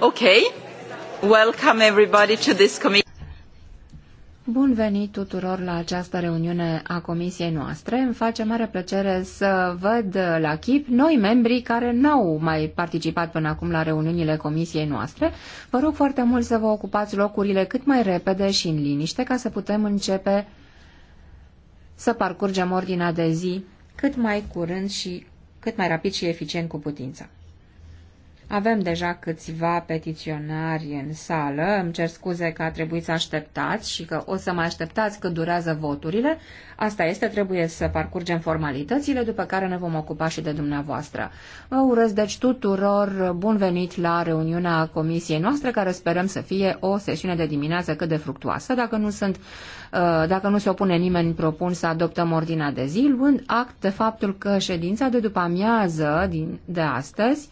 Okay. Welcome everybody to this Bun venit tuturor la această reuniune a comisiei noastre. Îmi face mare plăcere să văd la chip noi membrii care n-au mai participat până acum la reuniunile comisiei noastre. Vă rog foarte mult să vă ocupați locurile cât mai repede și în liniște ca să putem începe să parcurgem ordinea de zi cât mai curând și cât mai rapid și eficient cu putința avem deja câțiva petiționari în sală. Îmi cer scuze că a trebuit să așteptați și că o să mai așteptați cât durează voturile. Asta este, trebuie să parcurgem formalitățile, după care ne vom ocupa și de dumneavoastră. Vă urez deci tuturor bun venit la reuniunea comisiei noastre, care sperăm să fie o sesiune de dimineață cât de fructuoasă. Dacă nu, sunt, uh, dacă nu se opune nimeni, propun să adoptăm ordinea de zi, luând act de faptul că ședința de după amiază din, de astăzi,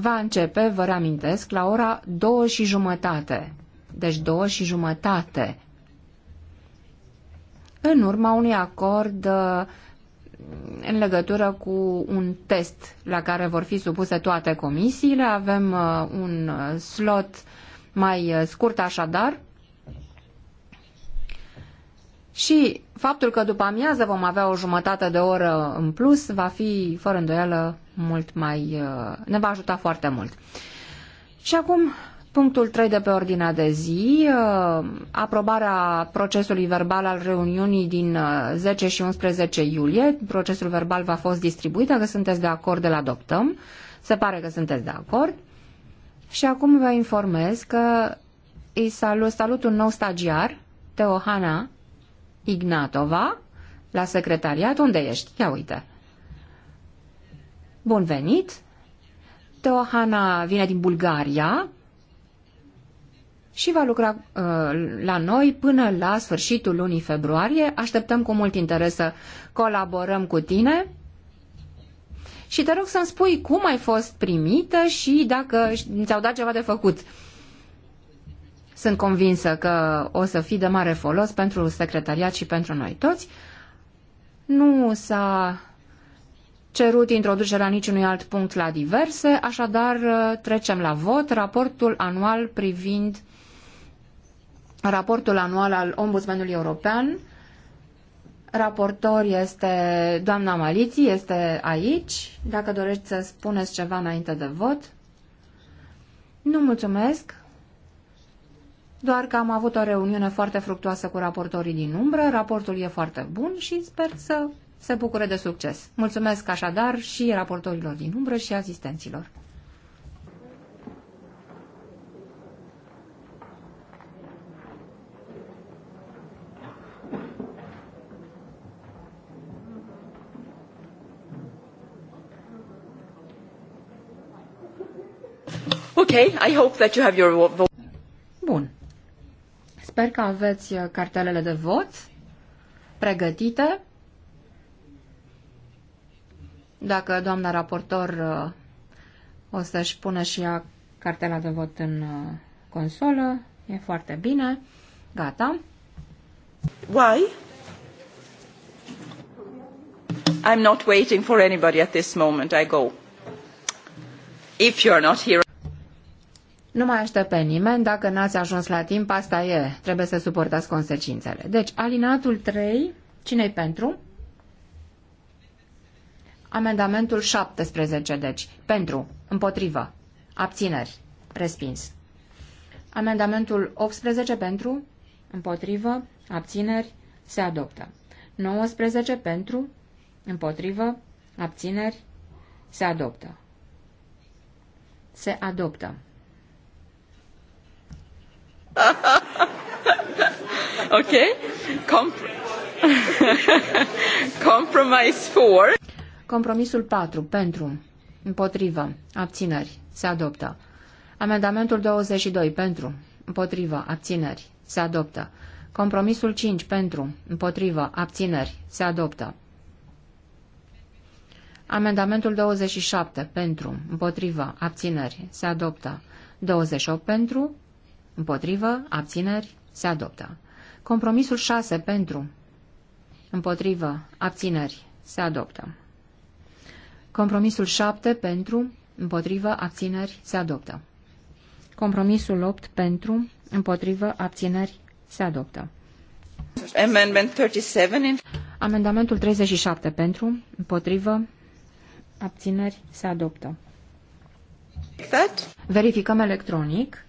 va începe, vă reamintesc, la ora două și jumătate. Deci două și jumătate. În urma unui acord uh, în legătură cu un test la care vor fi supuse toate comisiile, avem uh, un uh, slot mai scurt așadar, și faptul că după amiază vom avea o jumătate de oră în plus va fi, fără îndoială, mult mai, uh, ne va ajuta foarte mult. Și acum, punctul 3 de pe ordinea de zi, uh, aprobarea procesului verbal al reuniunii din 10 uh, și 11 iulie. Procesul verbal va fost distribuit, dacă sunteți de acord, îl adoptăm. Se pare că sunteți de acord. Și acum vă informez că îi salut, salut un nou stagiar, Teohana Ignatova, la secretariat. Unde ești? Ia uite. Bun venit! Teohana vine din Bulgaria și va lucra uh, la noi până la sfârșitul lunii februarie. Așteptăm cu mult interes să colaborăm cu tine și te rog să-mi spui cum ai fost primită și dacă ți-au dat ceva de făcut. Sunt convinsă că o să fii de mare folos pentru secretariat și pentru noi toți. Nu s-a cerut introducerea niciunui alt punct la diverse, așadar uh, trecem la vot raportul anual privind raportul anual al Ombudsmanului European. Raportor este doamna Maliții, este aici. Dacă dorești să spuneți ceva înainte de vot. Nu mulțumesc. Doar că am avut o reuniune foarte fructoasă cu raportorii din umbră, raportul e foarte bun și sper să se bucură de succes. Mulțumesc așadar și raportorilor din umbră și asistenților. Okay, I hope that you have your vote. Bun. Sper că aveți cartelele de vot pregătite. Dacă doamna raportor uh, o să-și pună și ea cartela de vot în uh, consolă, e foarte bine. Gata. Why? I'm not waiting for anybody at this moment. I go. If you're not here... Nu mai aștept pe nimeni, dacă n-ați ajuns la timp, asta e, trebuie să suportați consecințele. Deci, alinatul 3, cine-i pentru? Amendamentul 17, deci. Pentru. Împotrivă. Abțineri. Respins. Amendamentul 18 pentru. Împotrivă. Abțineri. Se adoptă. 19 pentru. Împotrivă. Abțineri. Se adoptă. Se adoptă. ok. Comp- Compromise 4. Compromisul 4. Pentru. Împotrivă. Abțineri. Se adoptă. Amendamentul 22. Pentru. Împotrivă. Abțineri. Se adoptă. Compromisul 5. Pentru. Împotrivă. Abțineri. Se adoptă. Amendamentul 27. Pentru. Împotrivă. Abțineri. Se adoptă. 28 pentru. Împotrivă. Abțineri. Se adoptă. Compromisul 6 pentru. Împotrivă. Abțineri. Se adoptă. Compromisul 7 pentru, împotrivă, abțineri, se adoptă. Compromisul 8 pentru, împotrivă, abțineri, se adoptă. Amendment 37 Amendamentul 37 pentru, împotrivă, abțineri, se adoptă. That? Verificăm electronic.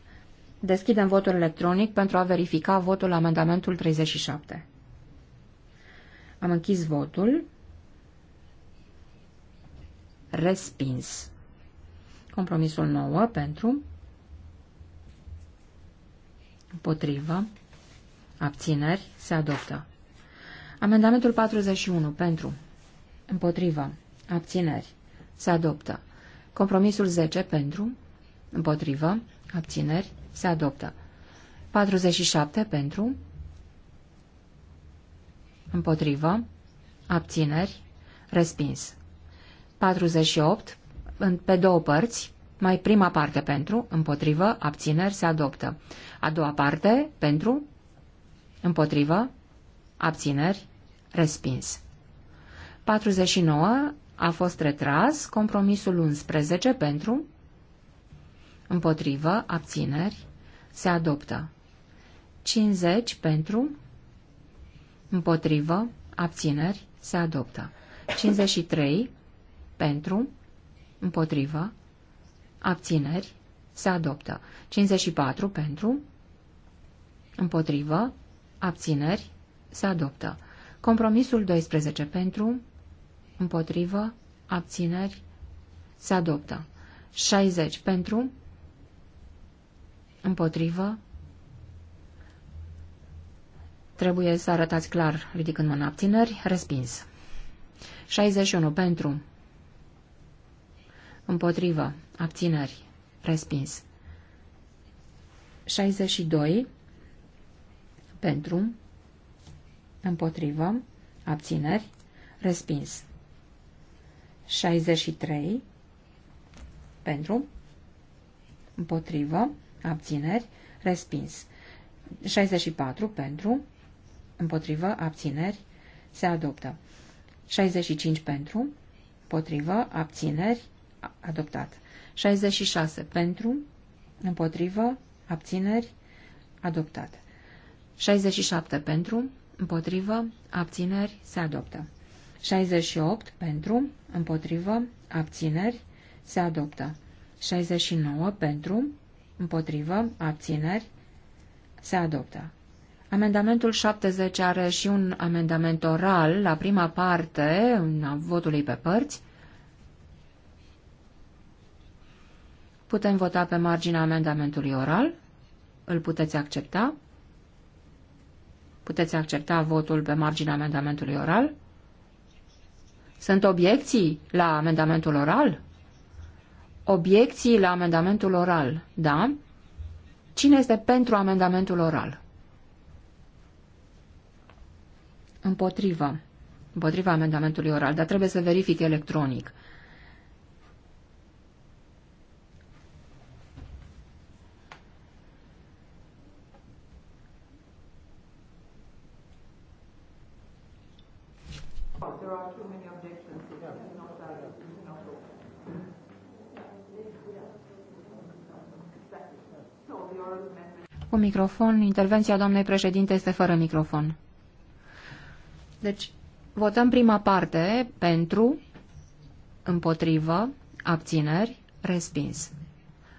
Deschidem votul electronic pentru a verifica votul amendamentul 37. Am închis votul respins. Compromisul 9 pentru, împotrivă, abțineri, se adoptă. Amendamentul 41 pentru, împotrivă, abțineri, se adoptă. Compromisul 10 pentru, împotrivă, abțineri, se adoptă. 47 pentru, împotrivă, abțineri, respins. 48, pe două părți, mai prima parte pentru, împotrivă, abțineri se adoptă. A doua parte pentru, împotrivă, abțineri, respins. 49 a fost retras, compromisul 11 pentru, împotrivă, abțineri, se adoptă. 50 pentru, împotrivă, abțineri, se adoptă. 53 pentru, împotrivă, abțineri, se adoptă. 54 pentru, împotrivă, abțineri, se adoptă. Compromisul 12 pentru, împotrivă, abțineri, se adoptă. 60 pentru, împotrivă, trebuie să arătați clar ridicând mâna abțineri, respins. 61 pentru, Împotrivă. Abțineri. Respins. 62. Pentru. Împotrivă. Abțineri. Respins. 63. Pentru. Împotrivă. Abțineri. Respins. 64. Pentru. Împotrivă. Abțineri. Se adoptă. 65 pentru, Împotrivă. abțineri, adoptat. 66 pentru, împotrivă, abțineri, adoptat. 67 pentru, împotrivă, abțineri, se adoptă. 68 pentru, împotrivă, abțineri, se adoptă. 69 pentru, împotrivă, abțineri, se adoptă. Amendamentul 70 are și un amendament oral la prima parte a votului pe părți. Putem vota pe marginea amendamentului oral. Îl puteți accepta? Puteți accepta votul pe marginea amendamentului oral? Sunt obiecții la amendamentul oral? Obiecții la amendamentul oral, da? Cine este pentru amendamentul oral? Împotrivă. Împotriva amendamentului oral, dar trebuie să verific electronic. cu microfon. Intervenția doamnei președinte este fără microfon. Deci, votăm prima parte pentru, împotrivă, abțineri, respins.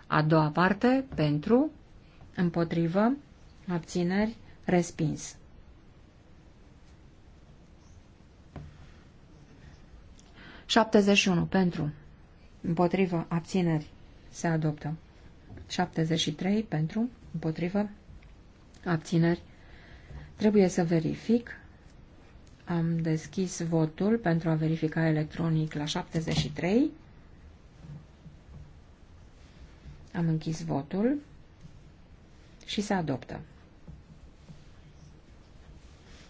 A doua parte pentru, împotrivă, abțineri, respins. Șaptezeci pentru, împotrivă, abțineri, se adoptă. 73 pentru, Împotrivă? Abțineri? Trebuie să verific. Am deschis votul pentru a verifica electronic la 73. Am închis votul și se adoptă.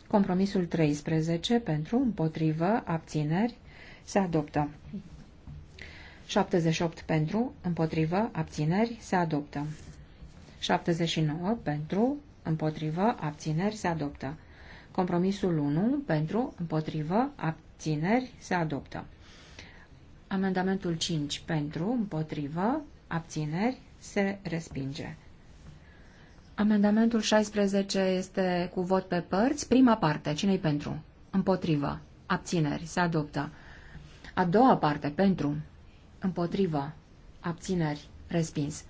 Compromisul 13 pentru, împotrivă, abțineri, se adoptă. 78 pentru, împotrivă, abțineri, se adoptă. 79 pentru, împotrivă, abțineri se adoptă. Compromisul 1 pentru, împotrivă, abțineri se adoptă. Amendamentul 5 pentru, împotrivă, abțineri se respinge. Amendamentul 16 este cu vot pe părți. Prima parte, cine-i pentru? Împotrivă. Abțineri. Se adoptă. A doua parte, pentru. Împotrivă. Abțineri. Respins.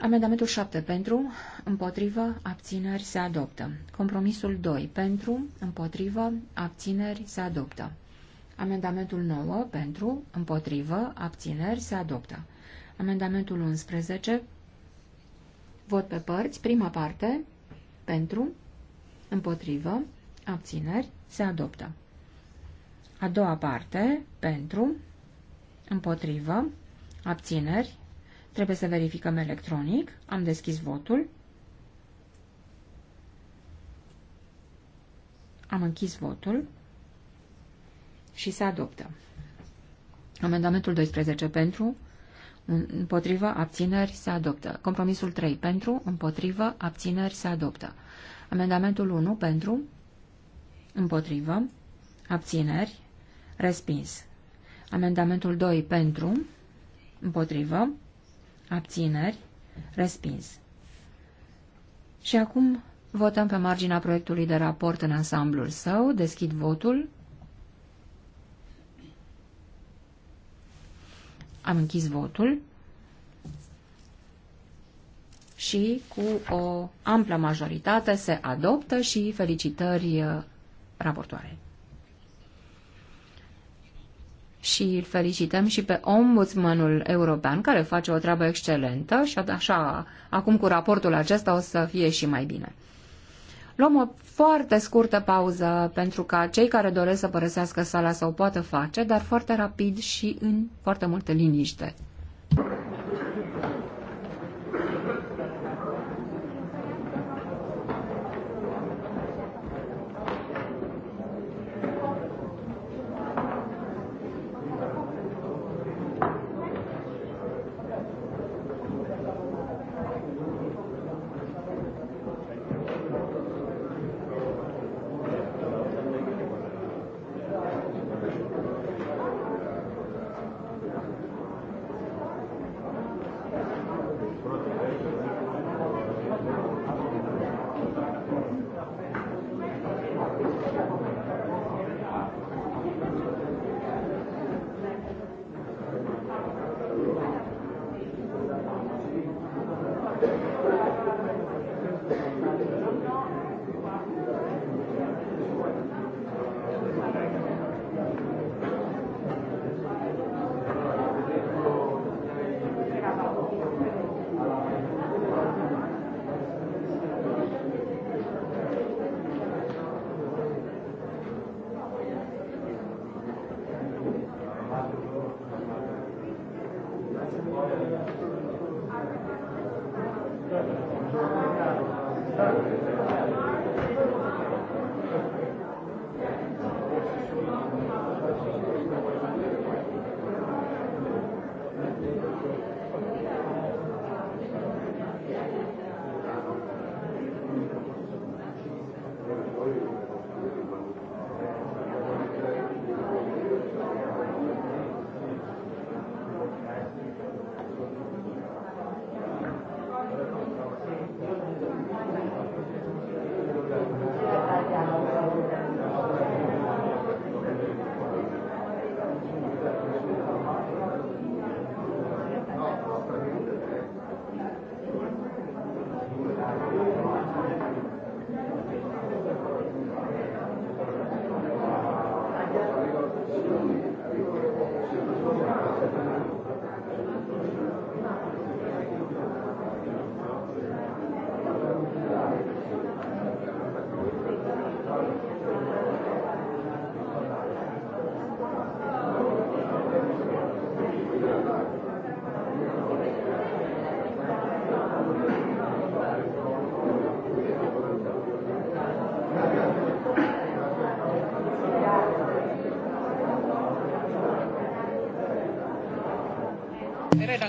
Amendamentul 7 pentru, împotrivă, abțineri se adoptă. Compromisul 2 pentru, împotrivă, abțineri se adoptă. Amendamentul 9 pentru, împotrivă, abțineri se adoptă. Amendamentul 11, vot pe părți, prima parte, pentru, împotrivă, abțineri se adoptă. A doua parte, pentru, împotrivă, abțineri Trebuie să verificăm electronic. Am deschis votul. Am închis votul și se adoptă. Amendamentul 12 pentru, împotrivă, abțineri, se adoptă. Compromisul 3 pentru, împotrivă, abțineri, se adoptă. Amendamentul 1 pentru, împotrivă, abțineri, respins. Amendamentul 2 pentru, împotrivă, abțineri, respins. Și acum votăm pe marginea proiectului de raport în ansamblul său. Deschid votul. Am închis votul. Și cu o amplă majoritate se adoptă și felicitări uh, raportoare și îl felicităm și pe ombudsmanul european, care face o treabă excelentă și așa, acum cu raportul acesta o să fie și mai bine. Luăm o foarte scurtă pauză pentru ca cei care doresc să părăsească sala să o poată face, dar foarte rapid și în foarte multă liniște.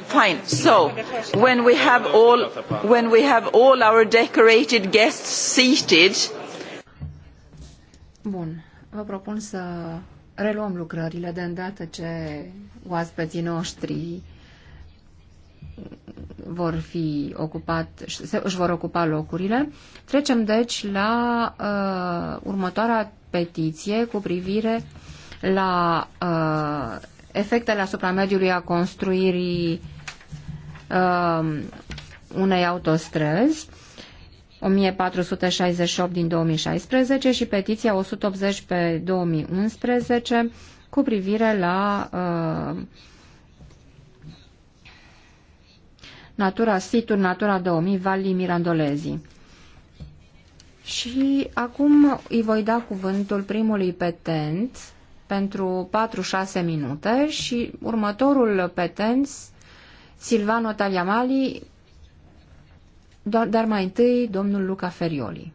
Fine. So, when we have all, when we have all our decorated guests seated. Bun. Vă propun să reluăm lucrările de îndată ce oaspeții noștri vor fi ocupat, se, își vor ocupa locurile. Trecem deci la uh, următoarea petiție cu privire la uh, efectele asupra mediului a construirii uh, uh, unei autostrăzi, 1468 din 2016 și petiția 180 pe 2011 cu privire la uh, Natura Situr, Natura 2000, Valii Mirandolezii. Și acum îi voi da cuvântul primului petent pentru 4-6 minute și următorul petent Silvano Tagliamali, dar mai întâi domnul Luca Ferioli.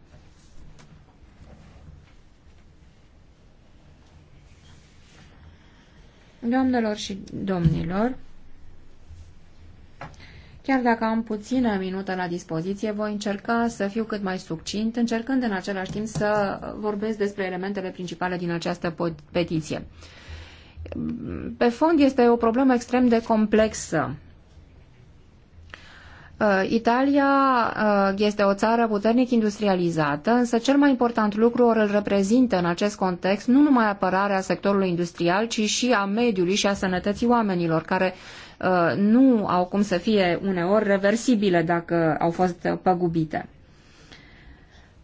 Doamnelor și domnilor, chiar dacă am puțină minută la dispoziție, voi încerca să fiu cât mai succint, încercând în același timp să vorbesc despre elementele principale din această petiție. Pe fond este o problemă extrem de complexă Uh, Italia uh, este o țară puternic industrializată, însă cel mai important lucru îl reprezintă în acest context nu numai apărarea sectorului industrial, ci și a mediului și a sănătății oamenilor, care uh, nu au cum să fie uneori reversibile dacă au fost păgubite.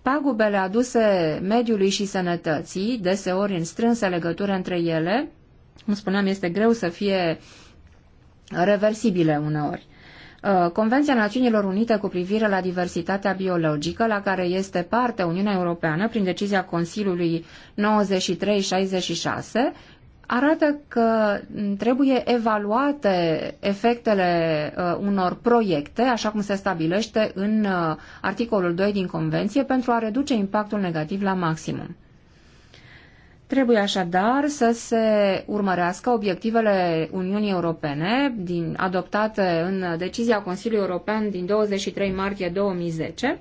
Pagubele aduse mediului și sănătății, deseori în strânsă legătură între ele, cum spuneam, este greu să fie reversibile uneori. Uh, Convenția Națiunilor Unite cu privire la diversitatea biologică, la care este parte Uniunea Europeană prin decizia Consiliului 9366, arată că trebuie evaluate efectele uh, unor proiecte, așa cum se stabilește în uh, articolul 2 din Convenție, pentru a reduce impactul negativ la maximum. Trebuie așadar să se urmărească obiectivele Uniunii Europene din, adoptate în decizia Consiliului European din 23 martie 2010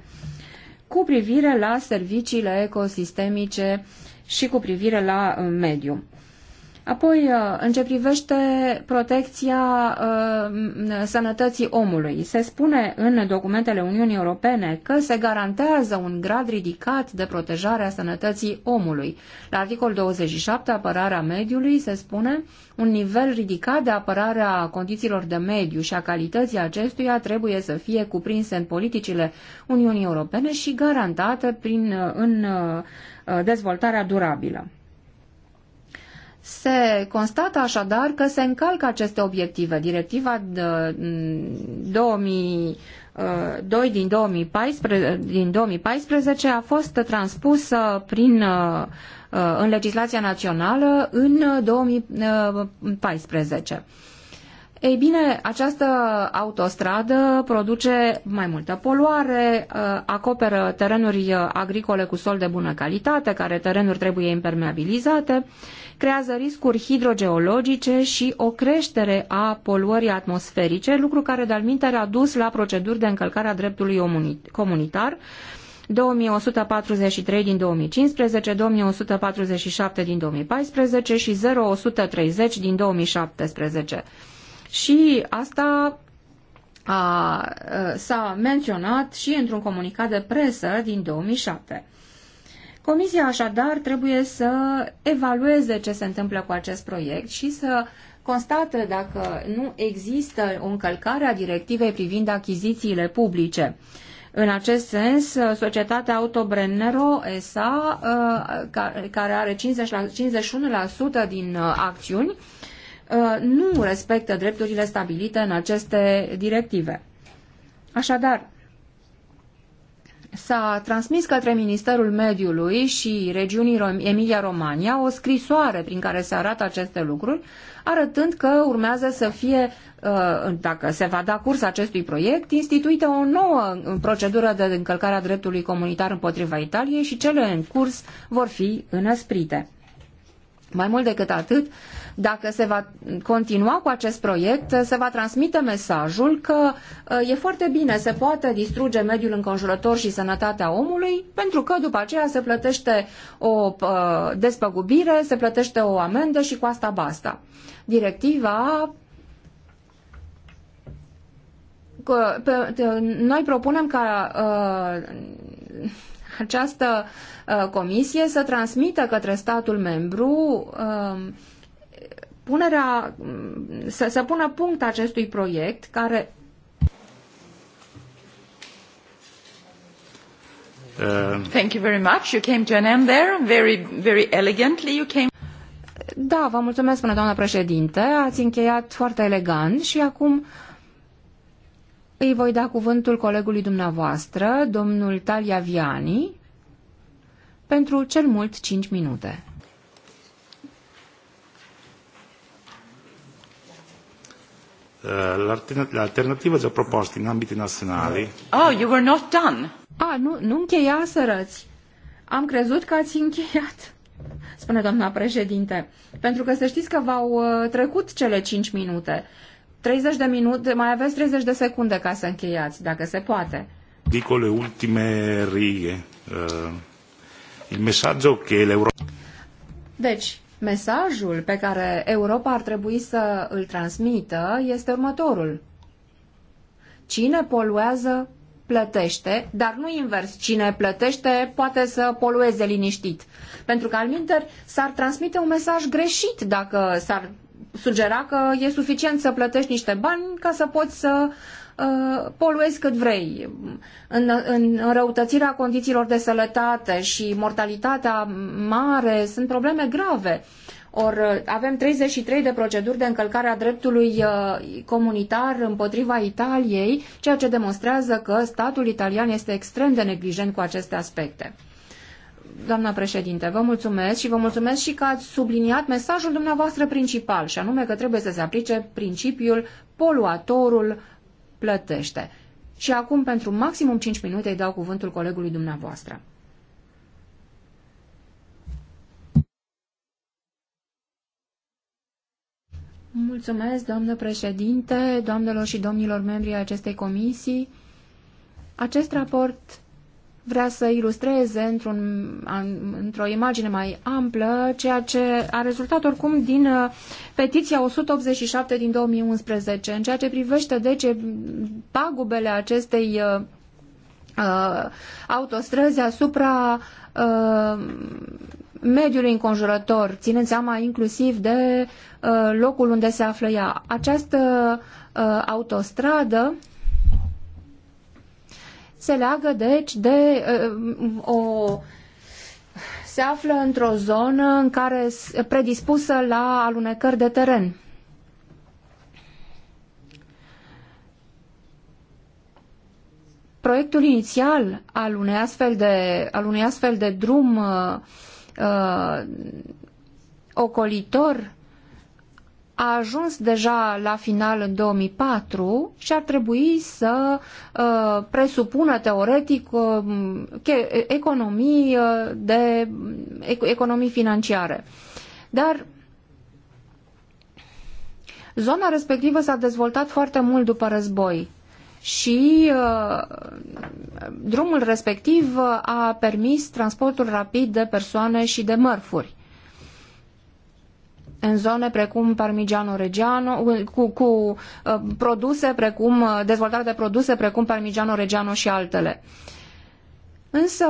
cu privire la serviciile ecosistemice și cu privire la uh, mediu. Apoi, uh, în ce privește protecția uh, sănătății omului, se spune în documentele Uniunii Europene că se garantează un grad ridicat de protejare a sănătății omului. La articol 27, apărarea mediului, se spune un nivel ridicat de apărare a condițiilor de mediu și a calității acestuia trebuie să fie cuprinse în politicile Uniunii Europene și garantate prin, uh, în uh, dezvoltarea durabilă. Se constată așadar că se încalcă aceste obiective. Directiva 2002 mm, uh, din 2014, din 2014 a fost transpusă prin, uh, uh, în legislația națională în 2014. Ei bine, această autostradă produce mai multă poluare, acoperă terenuri agricole cu sol de bună calitate, care terenuri trebuie impermeabilizate creează riscuri hidrogeologice și o creștere a poluării atmosferice, lucru care de-al a dus la proceduri de încălcare a dreptului comunitar, 2143 din 2015, 2147 din 2014 și 0130 din 2017. Și asta a, s-a menționat și într-un comunicat de presă din 2007. Comisia așadar trebuie să evalueze ce se întâmplă cu acest proiect și să constată dacă nu există o încălcare a directivei privind achizițiile publice. În acest sens, societatea Autobrennero SA, uh, care are la, 51% din uh, acțiuni, uh, nu respectă drepturile stabilite în aceste directive. Așadar, s-a transmis către Ministerul Mediului și regiunii Emilia-Romania o scrisoare prin care se arată aceste lucruri, arătând că urmează să fie, uh, dacă se va da curs acestui proiect, instituită o nouă uh, procedură de încălcare a dreptului comunitar împotriva Italiei și cele în curs vor fi înăsprite. Mai mult decât atât, dacă se va continua cu acest proiect, se va transmite mesajul că e foarte bine, se poate distruge mediul înconjurător și sănătatea omului, pentru că după aceea se plătește o despăgubire, se plătește o amendă și cu asta basta. Directiva noi propunem ca ă, această uh, comisie să transmită către statul membru um, punerea, um, să, să pună punct acestui proiect care Uh, Thank you very much. You came to an end there. Very, very elegantly you came. Da, vă mulțumesc, până doamna președinte. Ați încheiat foarte elegant și acum îi voi da cuvântul colegului dumneavoastră, domnul Talia Viani, pentru cel mult 5 minute. Eh, l'alternativa già proposta in ambiti nazionali. Oh, you were not done. Ah, nu, nu răți. Am crezut că ați încheiat, spune doamna președinte, pentru că să știți că v-au eh, trecut cele 5 minute. 30 de minute, mai aveți 30 de secunde ca să încheiați, dacă se poate. Dico le ultime righe. Uh, il messaggio che l'Europa... Deci, mesajul pe care Europa ar trebui să îl transmită este următorul. Cine poluează, plătește, dar nu invers. Cine plătește poate să polueze liniștit. Pentru că, alminter, s-ar transmite un mesaj greșit dacă s-ar sugera că e suficient să plătești niște bani ca să poți să uh, poluezi cât vrei. În, în condițiilor de sălătate și mortalitatea mare sunt probleme grave. Or, avem 33 de proceduri de încălcare a dreptului uh, comunitar împotriva Italiei, ceea ce demonstrează că statul italian este extrem de neglijent cu aceste aspecte doamna președinte, vă mulțumesc și vă mulțumesc și că ați subliniat mesajul dumneavoastră principal, și anume că trebuie să se aplice principiul poluatorul plătește. Și acum, pentru maximum 5 minute, îi dau cuvântul colegului dumneavoastră. Mulțumesc, doamnă președinte, doamnelor și domnilor membri ai acestei comisii. Acest raport vrea să ilustreze într-un, într-o imagine mai amplă ceea ce a rezultat oricum din uh, petiția 187 din 2011 în ceea ce privește de deci, ce pagubele acestei uh, uh, autostrăzi asupra uh, mediului înconjurător, ținând seama inclusiv de uh, locul unde se află ea. Această uh, autostradă se leagă deci de uh, o se află într-o zonă în care predispusă la alunecări de teren. Proiectul inițial al unei astfel de, al unei astfel de drum uh, uh ocolitor a ajuns deja la final în 2004 și ar trebui să uh, presupună teoretic uh, economii, uh, de, economii financiare. Dar zona respectivă s-a dezvoltat foarte mult după război și uh, drumul respectiv uh, a permis transportul rapid de persoane și de mărfuri în zone precum Parmigiano Reggiano, cu, cu uh, produse precum, uh, dezvoltare de produse precum Parmigiano Reggiano și altele. Însă,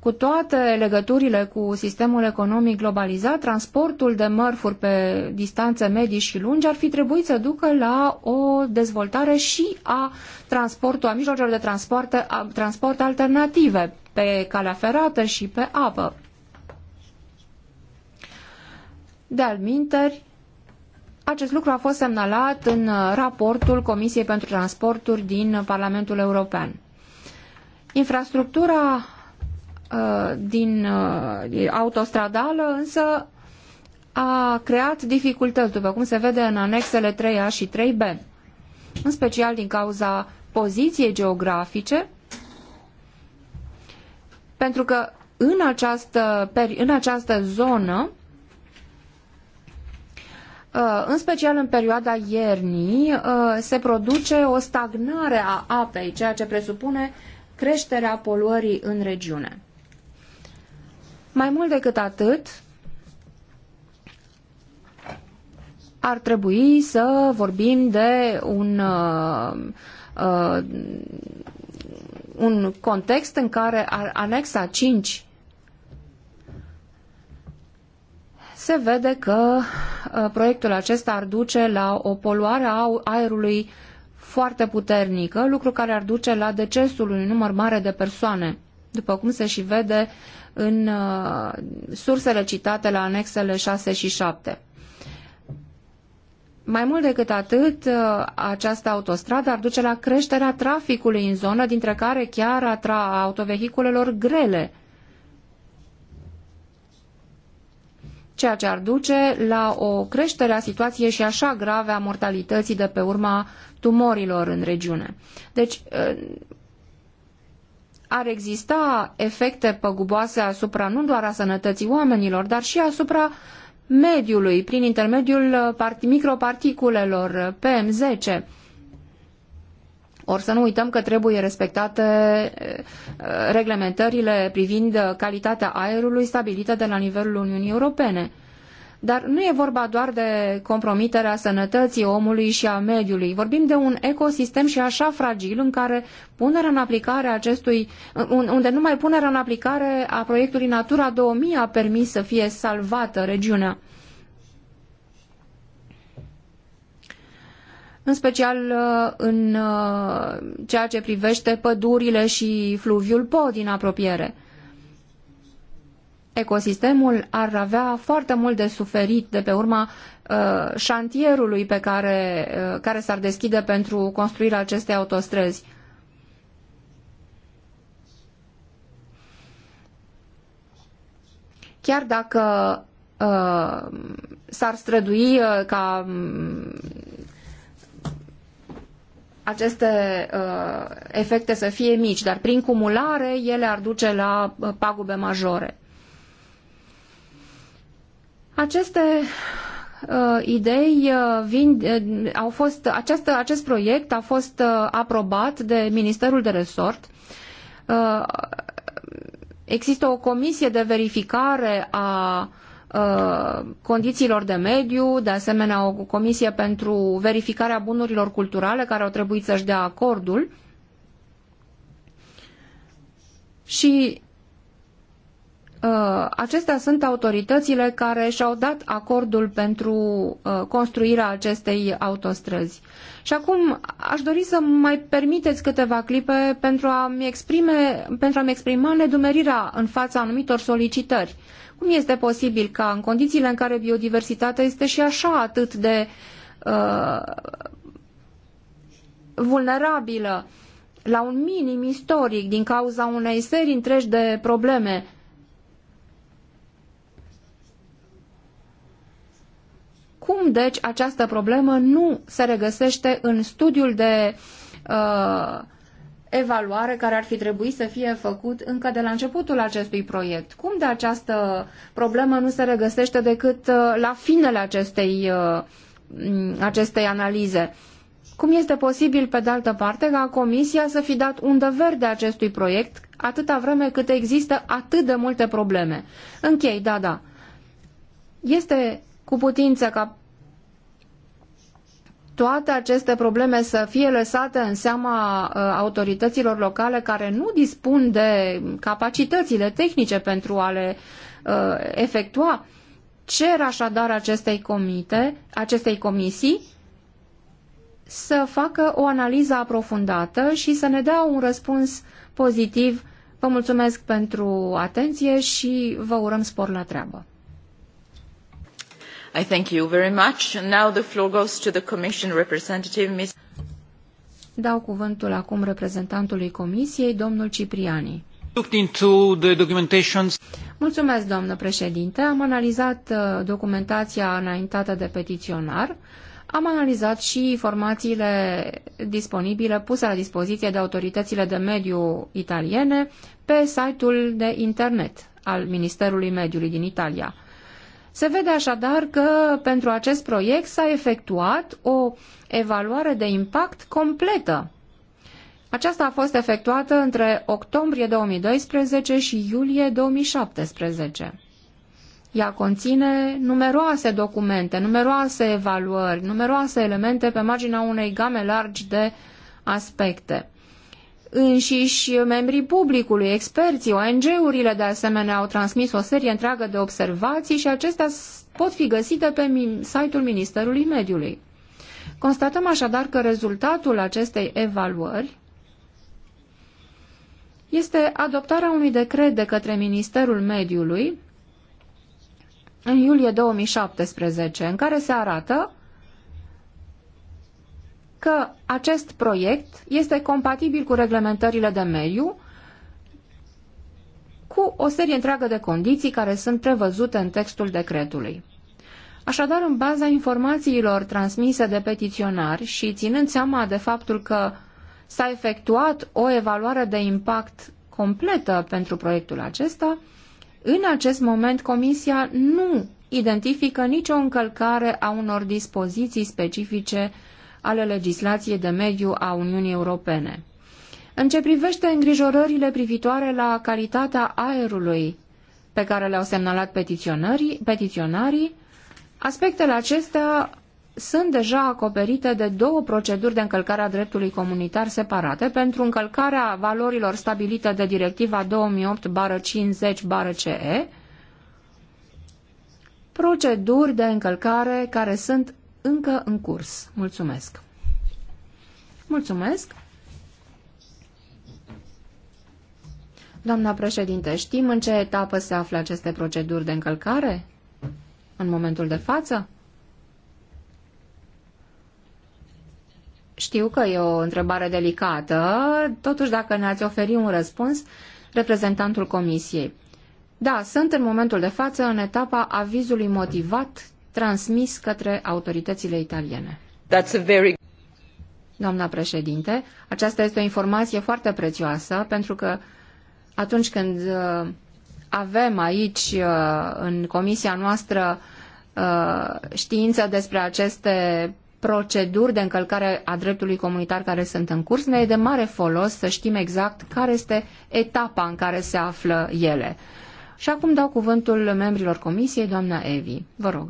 cu toate legăturile cu sistemul economic globalizat, transportul de mărfuri pe distanțe medii și lungi ar fi trebuit să ducă la o dezvoltare și a transportului a mijloacelor de transport, a, transport alternative pe calea ferată și pe apă de alminteri, acest lucru a fost semnalat în uh, raportul Comisiei pentru Transporturi din Parlamentul European. Infrastructura uh, din uh, autostradală însă a creat dificultăți, după cum se vede în anexele 3A și 3B, în special din cauza poziției geografice, pentru că în această, în această zonă Uh, în special în perioada iernii, uh, se produce o stagnare a apei, ceea ce presupune creșterea poluării în regiune. Mai mult decât atât, ar trebui să vorbim de un, uh, uh un context în care anexa 5 se vede că uh, proiectul acesta ar duce la o poluare a aerului foarte puternică, lucru care ar duce la decesul unui număr mare de persoane, după cum se și vede în uh, sursele citate la anexele 6 și 7. Mai mult decât atât, uh, această autostradă ar duce la creșterea traficului în zonă, dintre care chiar a autovehiculelor grele, ceea ce ar duce la o creștere a situației și așa grave a mortalității de pe urma tumorilor în regiune. Deci, ă, ar exista efecte păguboase asupra nu doar a sănătății oamenilor, dar și asupra mediului, prin intermediul microparticulelor PM10, Or să nu uităm că trebuie respectate eh, reglementările privind calitatea aerului stabilită de la nivelul Uniunii Europene. Dar nu e vorba doar de compromiterea sănătății omului și a mediului. Vorbim de un ecosistem și așa fragil în care punerea în aplicare a acestui, unde numai punerea în aplicare a proiectului Natura 2000 a permis să fie salvată regiunea. în special uh, în uh, ceea ce privește pădurile și fluviul Po din apropiere. Ecosistemul ar avea foarte mult de suferit de pe urma uh, șantierului pe care, care s-ar deschide pentru construirea acestei autostrăzi. Chiar dacă s-ar strădui ca aceste uh, efecte să fie mici, dar prin cumulare ele ar duce la uh, pagube majore. Aceste uh, idei uh, vin, uh, au fost, această, acest proiect a fost uh, aprobat de Ministerul de Resort. Uh, există o comisie de verificare a uh, Uh, condițiilor de mediu, de asemenea o comisie pentru verificarea bunurilor culturale care au trebuit să-și dea acordul. Și uh, acestea sunt autoritățile care și-au dat acordul pentru uh, construirea acestei autostrăzi. Și acum aș dori să mai permiteți câteva clipe pentru a-mi, exprime, pentru a-mi exprima nedumerirea în fața anumitor solicitări cum este posibil ca în condițiile în care biodiversitatea este și așa atât de uh, vulnerabilă la un minim istoric din cauza unei serii întregi de probleme Cum deci această problemă nu se regăsește în studiul de uh, evaluare care ar fi trebuit să fie făcut încă de la începutul acestui proiect. Cum de această problemă nu se regăsește decât uh, la finele acestei, uh, acestei analize? Cum este posibil, pe de altă parte, ca Comisia să fi dat undă verde acestui proiect atâta vreme cât există atât de multe probleme? Închei, da, da. Este cu putință ca toate aceste probleme să fie lăsate în seama uh, autorităților locale care nu dispun de capacitățile tehnice pentru a le uh, efectua. Cer așadar acestei, comite, acestei comisii să facă o analiză aprofundată și să ne dea un răspuns pozitiv. Vă mulțumesc pentru atenție și vă urăm spor la treabă. I thank you very much. Now the floor goes to the Commission representative, Ms. Dau cuvântul acum reprezentantului Comisiei, domnul Cipriani. Mulțumesc, doamnă președinte. Am analizat uh, documentația înaintată de petiționar. Am analizat și informațiile disponibile puse la dispoziție de autoritățile de mediu italiene pe site-ul de internet al Ministerului Mediului din Italia. Se vede așadar că pentru acest proiect s-a efectuat o evaluare de impact completă. Aceasta a fost efectuată între octombrie 2012 și iulie 2017. Ea conține numeroase documente, numeroase evaluări, numeroase elemente pe marginea unei game largi de aspecte înșiși membrii publicului, experții, ONG-urile de asemenea au transmis o serie întreagă de observații și acestea pot fi găsite pe site-ul Ministerului Mediului. Constatăm așadar că rezultatul acestei evaluări este adoptarea unui decret de către Ministerul Mediului în iulie 2017, în care se arată că acest proiect este compatibil cu reglementările de mediu, cu o serie întreagă de condiții care sunt prevăzute în textul decretului. Așadar, în baza informațiilor transmise de petiționari și ținând seama de faptul că s-a efectuat o evaluare de impact completă pentru proiectul acesta, în acest moment Comisia nu identifică nicio încălcare a unor dispoziții specifice ale legislației de mediu a Uniunii Europene. În ce privește îngrijorările privitoare la calitatea aerului pe care le-au semnalat petiționarii, petiționarii, aspectele acestea sunt deja acoperite de două proceduri de încălcare a dreptului comunitar separate pentru încălcarea valorilor stabilite de Directiva 2008-50-CE, proceduri de încălcare care sunt încă în curs. Mulțumesc! Mulțumesc! Doamna președinte, știm în ce etapă se află aceste proceduri de încălcare? În momentul de față? Știu că e o întrebare delicată, totuși dacă ne-ați oferi un răspuns, reprezentantul comisiei. Da, sunt în momentul de față în etapa avizului motivat transmis către autoritățile italiene. That's a very... Doamna președinte, aceasta este o informație foarte prețioasă pentru că atunci când uh, avem aici uh, în comisia noastră uh, știință despre aceste proceduri de încălcare a dreptului comunitar care sunt în curs, ne e de mare folos să știm exact care este etapa în care se află ele. Și acum dau cuvântul membrilor comisiei, doamna Evi. Vă rog.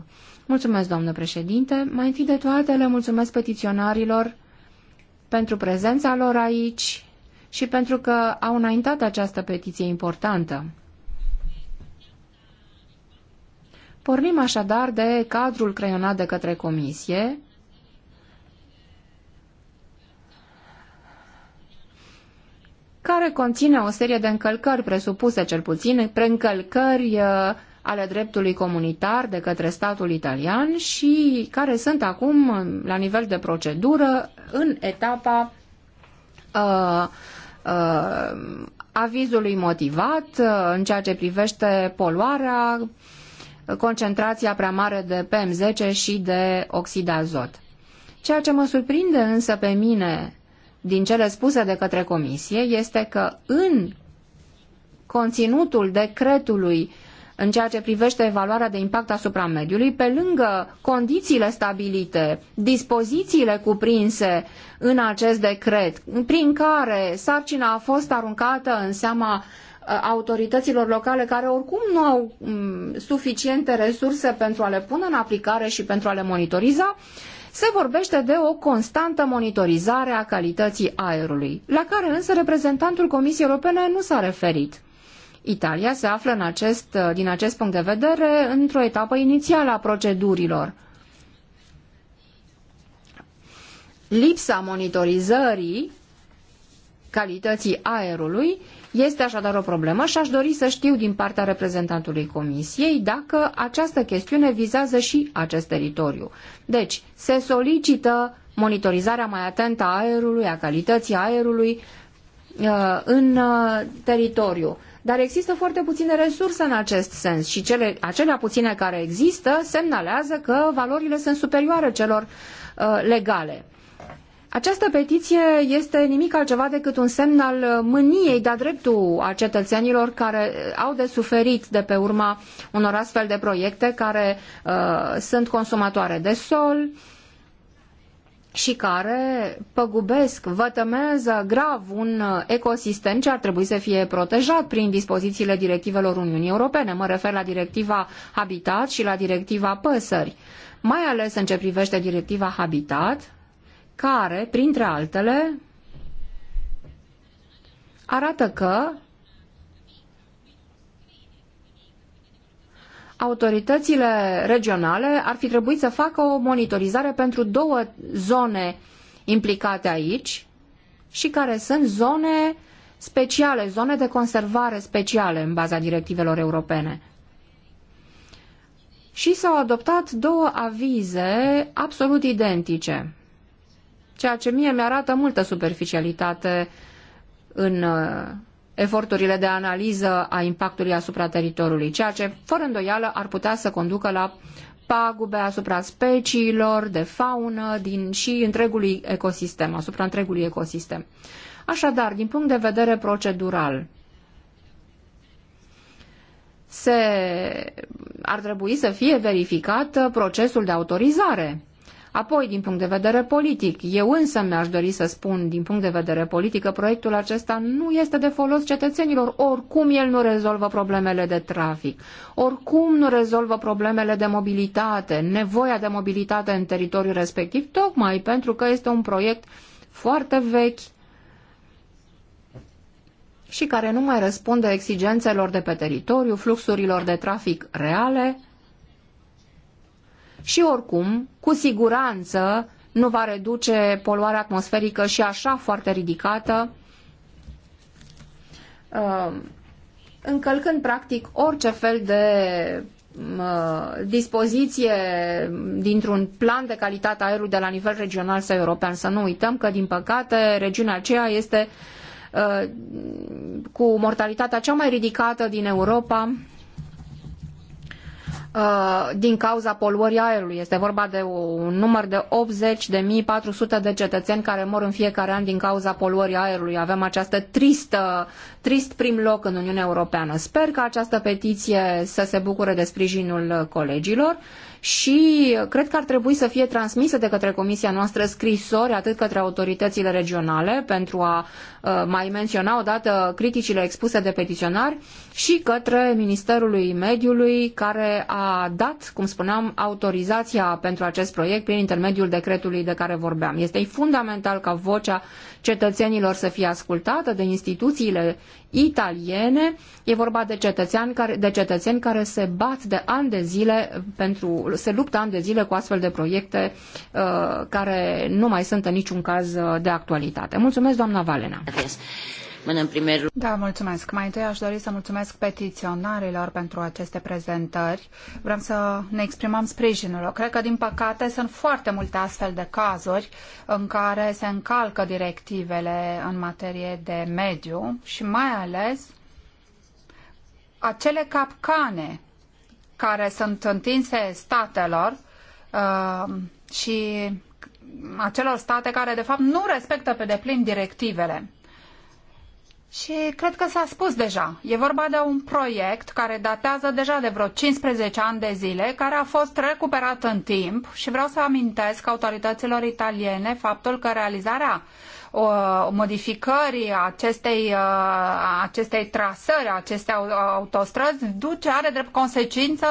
Mulțumesc, domnule președinte. Mai întâi de toate le mulțumesc petiționarilor pentru prezența lor aici și pentru că au înaintat această petiție importantă. Pornim așadar de cadrul creionat de către comisie, care conține o serie de încălcări presupuse cel puțin, preîncălcări uh, ale dreptului comunitar de către statul italian și care sunt acum, la nivel de procedură, în etapa uh, uh, avizului motivat uh, în ceea ce privește poluarea, concentrația prea mare de PM10 și de oxid azot. Ceea ce mă surprinde însă pe mine din cele spuse de către comisie este că în conținutul decretului uh, în ceea ce privește evaluarea de impact asupra mediului, pe lângă condițiile stabilite, dispozițiile cuprinse în acest decret, prin care sarcina a fost aruncată în seama uh, autorităților locale care oricum nu au mm, suficiente resurse pentru a le pune în aplicare și pentru a le monitoriza, se vorbește de o constantă monitorizare a calității aerului, la care însă reprezentantul Comisiei Europene nu s-a referit. Italia se află în acest, uh, din acest punct de vedere într-o etapă inițială a procedurilor. Lipsa monitorizării calității aerului este așadar o problemă și aș dori să știu din partea reprezentantului Comisiei dacă această chestiune vizează și acest teritoriu. Deci, se solicită monitorizarea mai atentă a aerului, a calității aerului uh, în uh, teritoriu dar există foarte puține resurse în acest sens și cele, acelea puține care există semnalează că valorile sunt superioare celor uh, legale. Această petiție este nimic altceva decât un semn al uh, mâniei de-a dreptul a cetățenilor care uh, au de suferit de pe urma unor astfel de proiecte care uh, sunt consumatoare de sol, uh, și care păgubesc, vătămează grav un uh, ecosistem ce ar trebui să fie protejat prin dispozițiile directivelor Uniunii Europene. Mă refer la directiva Habitat și la directiva Păsări, mai ales în ce privește directiva Habitat, care, printre altele, arată că autoritățile regionale ar fi trebuit să facă o monitorizare pentru două zone implicate aici și care sunt zone speciale, zone de conservare speciale în baza directivelor europene. Și s-au adoptat două avize absolut identice, ceea ce mie mi arată multă superficialitate în uh, eforturile de analiză a impactului asupra teritoriului, ceea ce, fără îndoială, ar putea să conducă la pagube asupra speciilor de faună din, și întregului ecosistem, asupra întregului ecosistem. Așadar, din punct de vedere procedural, se, ar trebui să fie verificat procesul de autorizare Apoi, din punct de vedere politic, eu însă mi-aș dori să spun, din punct de vedere politic, că proiectul acesta nu este de folos cetățenilor. Oricum el nu rezolvă problemele de trafic, oricum nu rezolvă problemele de mobilitate, nevoia de mobilitate în teritoriul respectiv, tocmai pentru că este un proiect foarte vechi și care nu mai răspunde exigențelor de pe teritoriu, fluxurilor de trafic reale, și oricum, cu siguranță, nu va reduce poluarea atmosferică și așa foarte ridicată, uh, încălcând practic orice fel de uh, dispoziție dintr-un plan de calitate aerului de la nivel regional sau european. Să nu uităm că, din păcate, regiunea aceea este uh, cu mortalitatea cea mai ridicată din Europa, Uh, din cauza poluării aerului. Este vorba de un număr de 80.400 de cetățeni care mor în fiecare an din cauza poluării aerului. Avem această tristă, trist prim loc în Uniunea Europeană. Sper că această petiție să se bucure de sprijinul colegilor și cred că ar trebui să fie transmisă de către comisia noastră scrisori atât către autoritățile regionale pentru a Uh, mai menționa odată criticile expuse de petiționari și către Ministerului Mediului care a dat, cum spuneam, autorizația pentru acest proiect prin intermediul decretului de care vorbeam. Este fundamental ca vocea cetățenilor să fie ascultată de instituțiile italiene. E vorba de cetățeni care, de cetățeni care se bat de ani de zile pentru, se luptă ani de zile cu astfel de proiecte uh, care nu mai sunt în niciun caz uh, de actualitate. Mulțumesc, doamna Valena în primer Da, mulțumesc. Mai întâi aș dori să mulțumesc petiționarilor pentru aceste prezentări. Vrem să ne exprimăm sprijinul. cred că, din păcate, sunt foarte multe astfel de cazuri în care se încalcă directivele în materie de mediu și mai ales acele capcane care sunt întinse statelor uh, și acelor state care, de fapt, nu respectă pe deplin directivele. Și cred că s-a spus deja. E vorba de un proiect care datează deja de vreo 15 ani de zile, care a fost recuperat în timp și vreau să amintesc autorităților italiene faptul că realizarea o, modificării acestei, uh, acestei trasări, acestei autostrăzi, duce, are drept consecință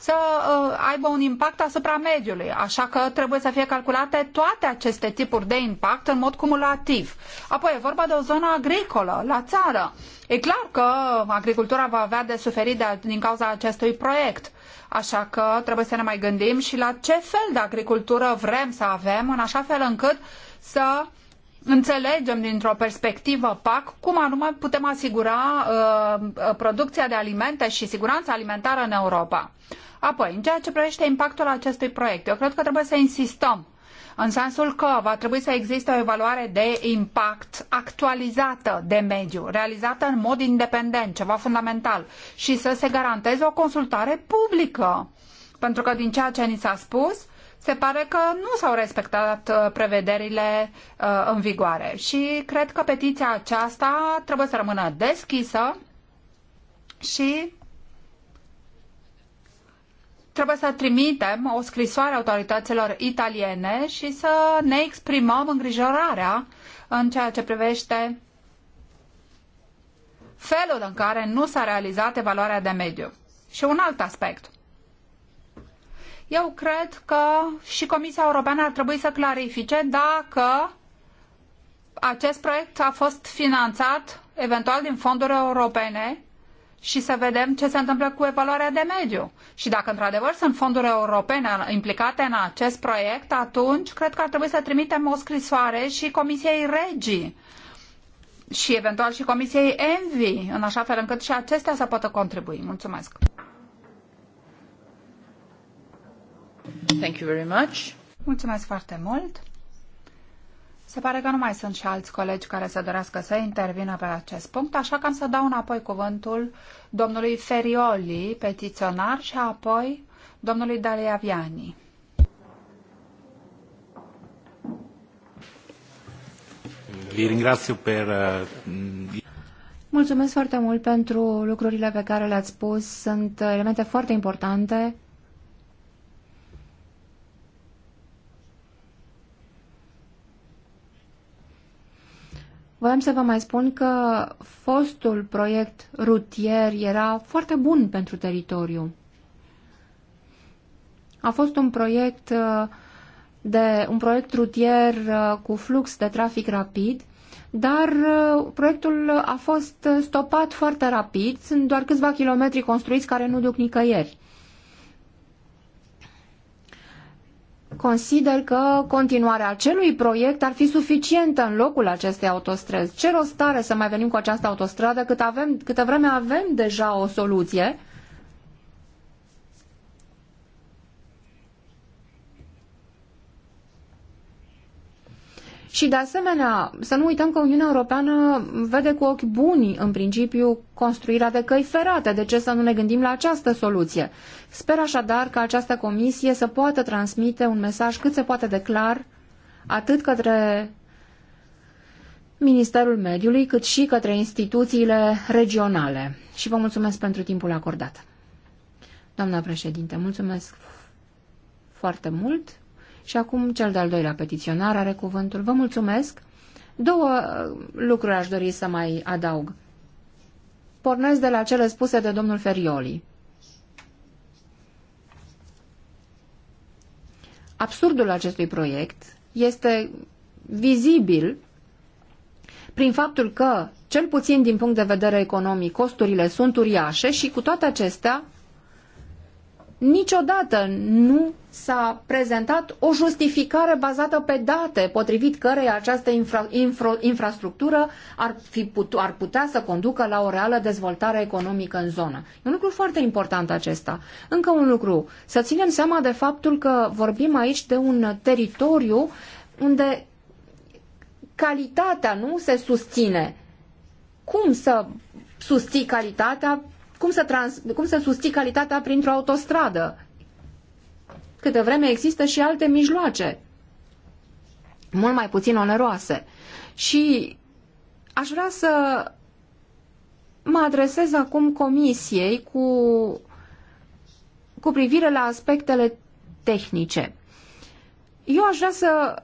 să uh, aibă un impact asupra mediului. Așa că trebuie să fie calculate toate aceste tipuri de impact în mod cumulativ. Apoi e vorba de o zonă agricolă, la țară. E clar că agricultura va avea de suferit de, din cauza acestui proiect. Așa că trebuie să ne mai gândim și la ce fel de agricultură vrem să avem, în așa fel încât să înțelegem dintr-o perspectivă PAC cum anume putem asigura uh, producția de alimente și siguranța alimentară în Europa. Apoi, în ceea ce privește impactul acestui proiect, eu cred că trebuie să insistăm în sensul că va trebui să existe o evaluare de impact actualizată de mediu, realizată în mod independent, ceva fundamental, și să se garanteze o consultare publică. Pentru că din ceea ce ni s-a spus, se pare că nu s-au respectat uh, prevederile uh, în vigoare. Și cred că petiția aceasta trebuie să rămână deschisă și trebuie să trimitem o scrisoare autorităților italiene și să ne exprimăm îngrijorarea în ceea ce privește felul în care nu s-a realizat evaluarea de mediu. Și un alt aspect. Eu cred că și Comisia Europeană ar trebui să clarifice dacă acest proiect a fost finanțat eventual din fonduri europene și să vedem ce se întâmplă cu evaluarea de mediu. Și dacă într-adevăr sunt fonduri europene implicate în acest proiect, atunci cred că ar trebui să trimitem o scrisoare și Comisiei Regii și eventual și Comisiei Envi, în așa fel încât și acestea să poată contribui. Mulțumesc! Thank you very much. Mulțumesc foarte mult. Se pare că nu mai sunt și alți colegi care se dorească să intervină pe acest punct, așa că am să dau înapoi cuvântul domnului Ferioli, petiționar, și apoi domnului Dalia Viani. Uh, Mulțumesc foarte mult pentru lucrurile pe care le-ați spus. Sunt elemente foarte importante Voiam să vă mai spun că fostul proiect rutier era foarte bun pentru teritoriu. A fost un proiect uh, de un proiect rutier uh, cu flux de trafic rapid, dar uh, proiectul a fost stopat foarte rapid. Sunt doar câțiva kilometri construiți care nu duc nicăieri. Consider că continuarea acelui proiect ar fi suficientă în locul acestei autostrăzi. Ce rost are să mai venim cu această autostradă cât avem, câtă vreme avem deja o soluție Și de asemenea, să nu uităm că Uniunea Europeană vede cu ochi buni, în principiu, construirea de căi ferate. De ce să nu ne gândim la această soluție? Sper așadar că această comisie să poată transmite un mesaj cât se poate de clar, atât către Ministerul Mediului, cât și către instituțiile regionale. Și vă mulțumesc pentru timpul acordat. Doamna președinte, mulțumesc foarte mult. Și acum cel de-al doilea petiționar are cuvântul. Vă mulțumesc. Două uh, lucruri aș dori să mai adaug. Pornesc de la cele spuse de domnul Ferioli. Absurdul acestui proiect este vizibil prin faptul că, cel puțin din punct de vedere economic, costurile sunt uriașe și cu toate acestea, niciodată nu s-a prezentat o justificare bazată pe date, potrivit căreia această infra, infra, infrastructură ar, fi putu, ar putea să conducă la o reală dezvoltare economică în zonă. E un lucru foarte important acesta. Încă un lucru, să ținem seama de faptul că vorbim aici de un teritoriu unde calitatea nu se susține. Cum să susții calitatea cum să, trans, cum să susții calitatea printr-o autostradă? Câte vreme există și alte mijloace, mult mai puțin oneroase. Și aș vrea să mă adresez acum comisiei cu, cu privire la aspectele tehnice. Eu aș vrea să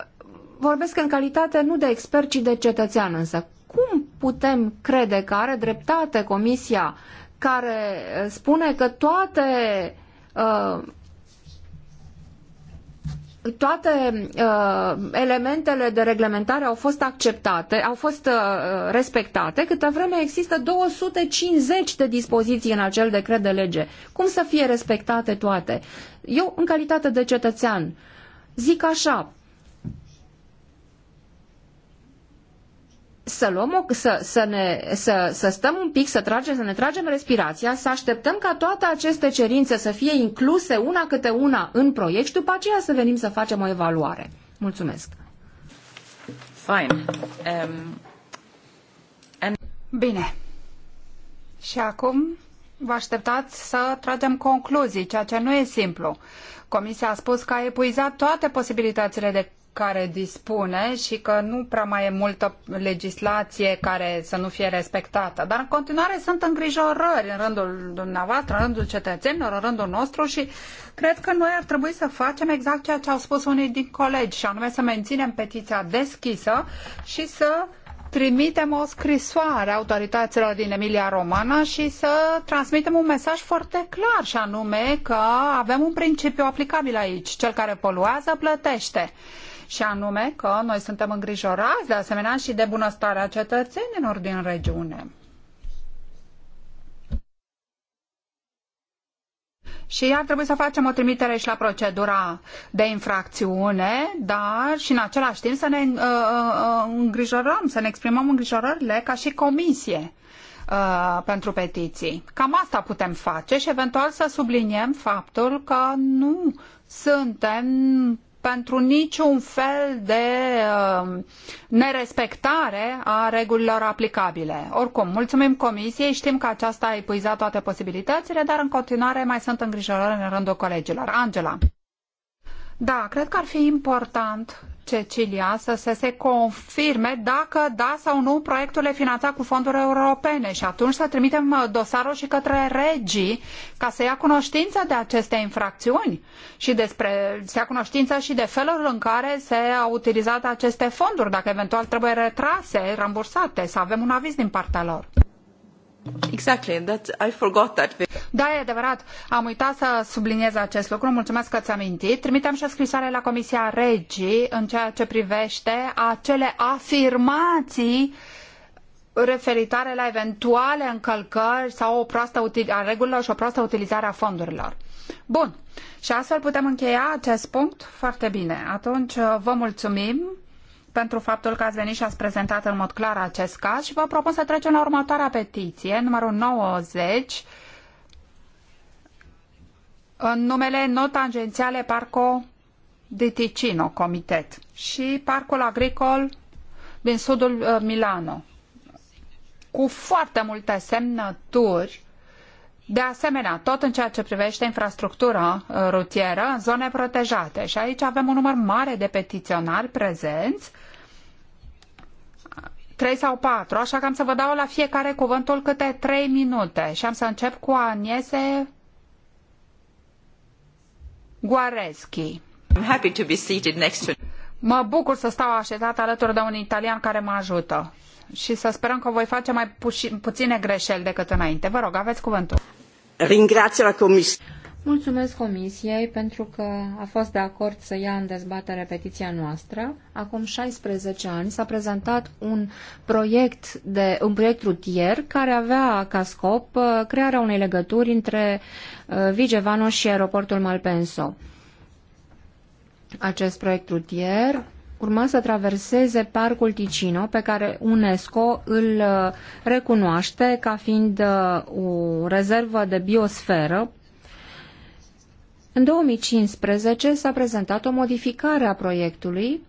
vorbesc în calitate nu de expert, ci de cetățean însă. Cum putem crede că are dreptate comisia uh, care spune că toate uh, toate uh, elementele de reglementare au fost acceptate, au fost uh, respectate, câtă vreme există 250 de dispoziții în acel decret de lege. Cum să fie respectate toate? Eu, în calitate de cetățean, zic așa, să, luăm o, să, să, ne, să, să stăm un pic, să, tragem, să ne tragem respirația, să așteptăm ca toate aceste cerințe să fie incluse una câte una în proiect și după aceea să venim să facem o evaluare. Mulțumesc. Fine. Um, and... Bine. Și acum vă așteptați să tragem concluzii, ceea ce nu e simplu. Comisia a spus că a epuizat toate posibilitățile de care dispune și că nu prea mai e multă legislație care să nu fie respectată. Dar în continuare sunt îngrijorări în rândul dumneavoastră, în rândul cetățenilor, în rândul nostru și cred că noi ar trebui să facem exact ceea ce au spus unii din colegi și anume să menținem petiția deschisă și să trimitem o scrisoare autorităților din Emilia Romana și să transmitem un mesaj foarte clar și anume că avem un principiu aplicabil aici. Cel care poluează plătește și anume că noi suntem îngrijorați de asemenea și de bunăstarea cetățenilor din regiune. Și ar trebui să facem o trimitere și la procedura de infracțiune, dar și în același timp să ne uh, uh, uh, îngrijorăm, să ne exprimăm îngrijorările ca și comisie pentru petiții. Cam asta putem face și eventual să subliniem faptul că nu suntem pentru niciun fel de uh, nerespectare a regulilor aplicabile. Oricum, mulțumim Comisiei, știm că aceasta a epuizat toate posibilitățile, dar în continuare mai sunt îngrijorări în rândul colegilor. Angela. Da, cred că ar fi important Cecilia, să se, se confirme dacă da sau nu proiectul e finanțat cu fonduri europene și atunci să trimitem uh, dosarul și către regii ca să ia cunoștință de aceste infracțiuni și despre, să ia cunoștință și de felul în care se au utilizat aceste fonduri, dacă eventual trebuie retrase, rambursate, să avem un aviz din partea lor. Exactly, that, I forgot that. Da, e adevărat. Am uitat să subliniez acest lucru. Mulțumesc că ți-am amintit. Trimitem și o scrisoare la Comisia Regii în ceea ce privește acele afirmații referitoare la eventuale încălcări sau o proastă a regulilor și o proastă utilizare a fondurilor. Bun. Și astfel putem încheia acest punct foarte bine. Atunci vă mulțumim pentru faptul că ați venit și ați prezentat în mod clar acest caz și vă propun să trecem la următoarea petiție, numărul 90, în numele notangențiale Parco de Ticino Comitet și Parcul Agricol din sudul uh, Milano, cu foarte multe semnături de asemenea, tot în ceea ce privește infrastructura uh, rutieră în zone protejate. Și aici avem un număr mare de petiționari prezenți trei sau patru, așa că am să vă dau la fiecare cuvântul câte trei minute și am să încep cu Aniese Guareschi. I'm happy to be seated next to... Mă bucur să stau așezat alături de un italian care mă ajută și să sperăm că voi face mai puține greșeli decât înainte. Vă rog, aveți cuvântul. Ringrazio la comisie. Mulțumesc Comisiei pentru că a fost de acord să ia în dezbatere petiția noastră. Acum 16 ani s-a prezentat un proiect, de, un proiect rutier care avea ca scop uh, crearea unei legături între uh, Vigevano și aeroportul Malpenso. Acest proiect rutier urma să traverseze parcul Ticino, pe care UNESCO îl uh, recunoaște ca fiind o rezervă de biosferă în 2015 s-a prezentat o modificare a proiectului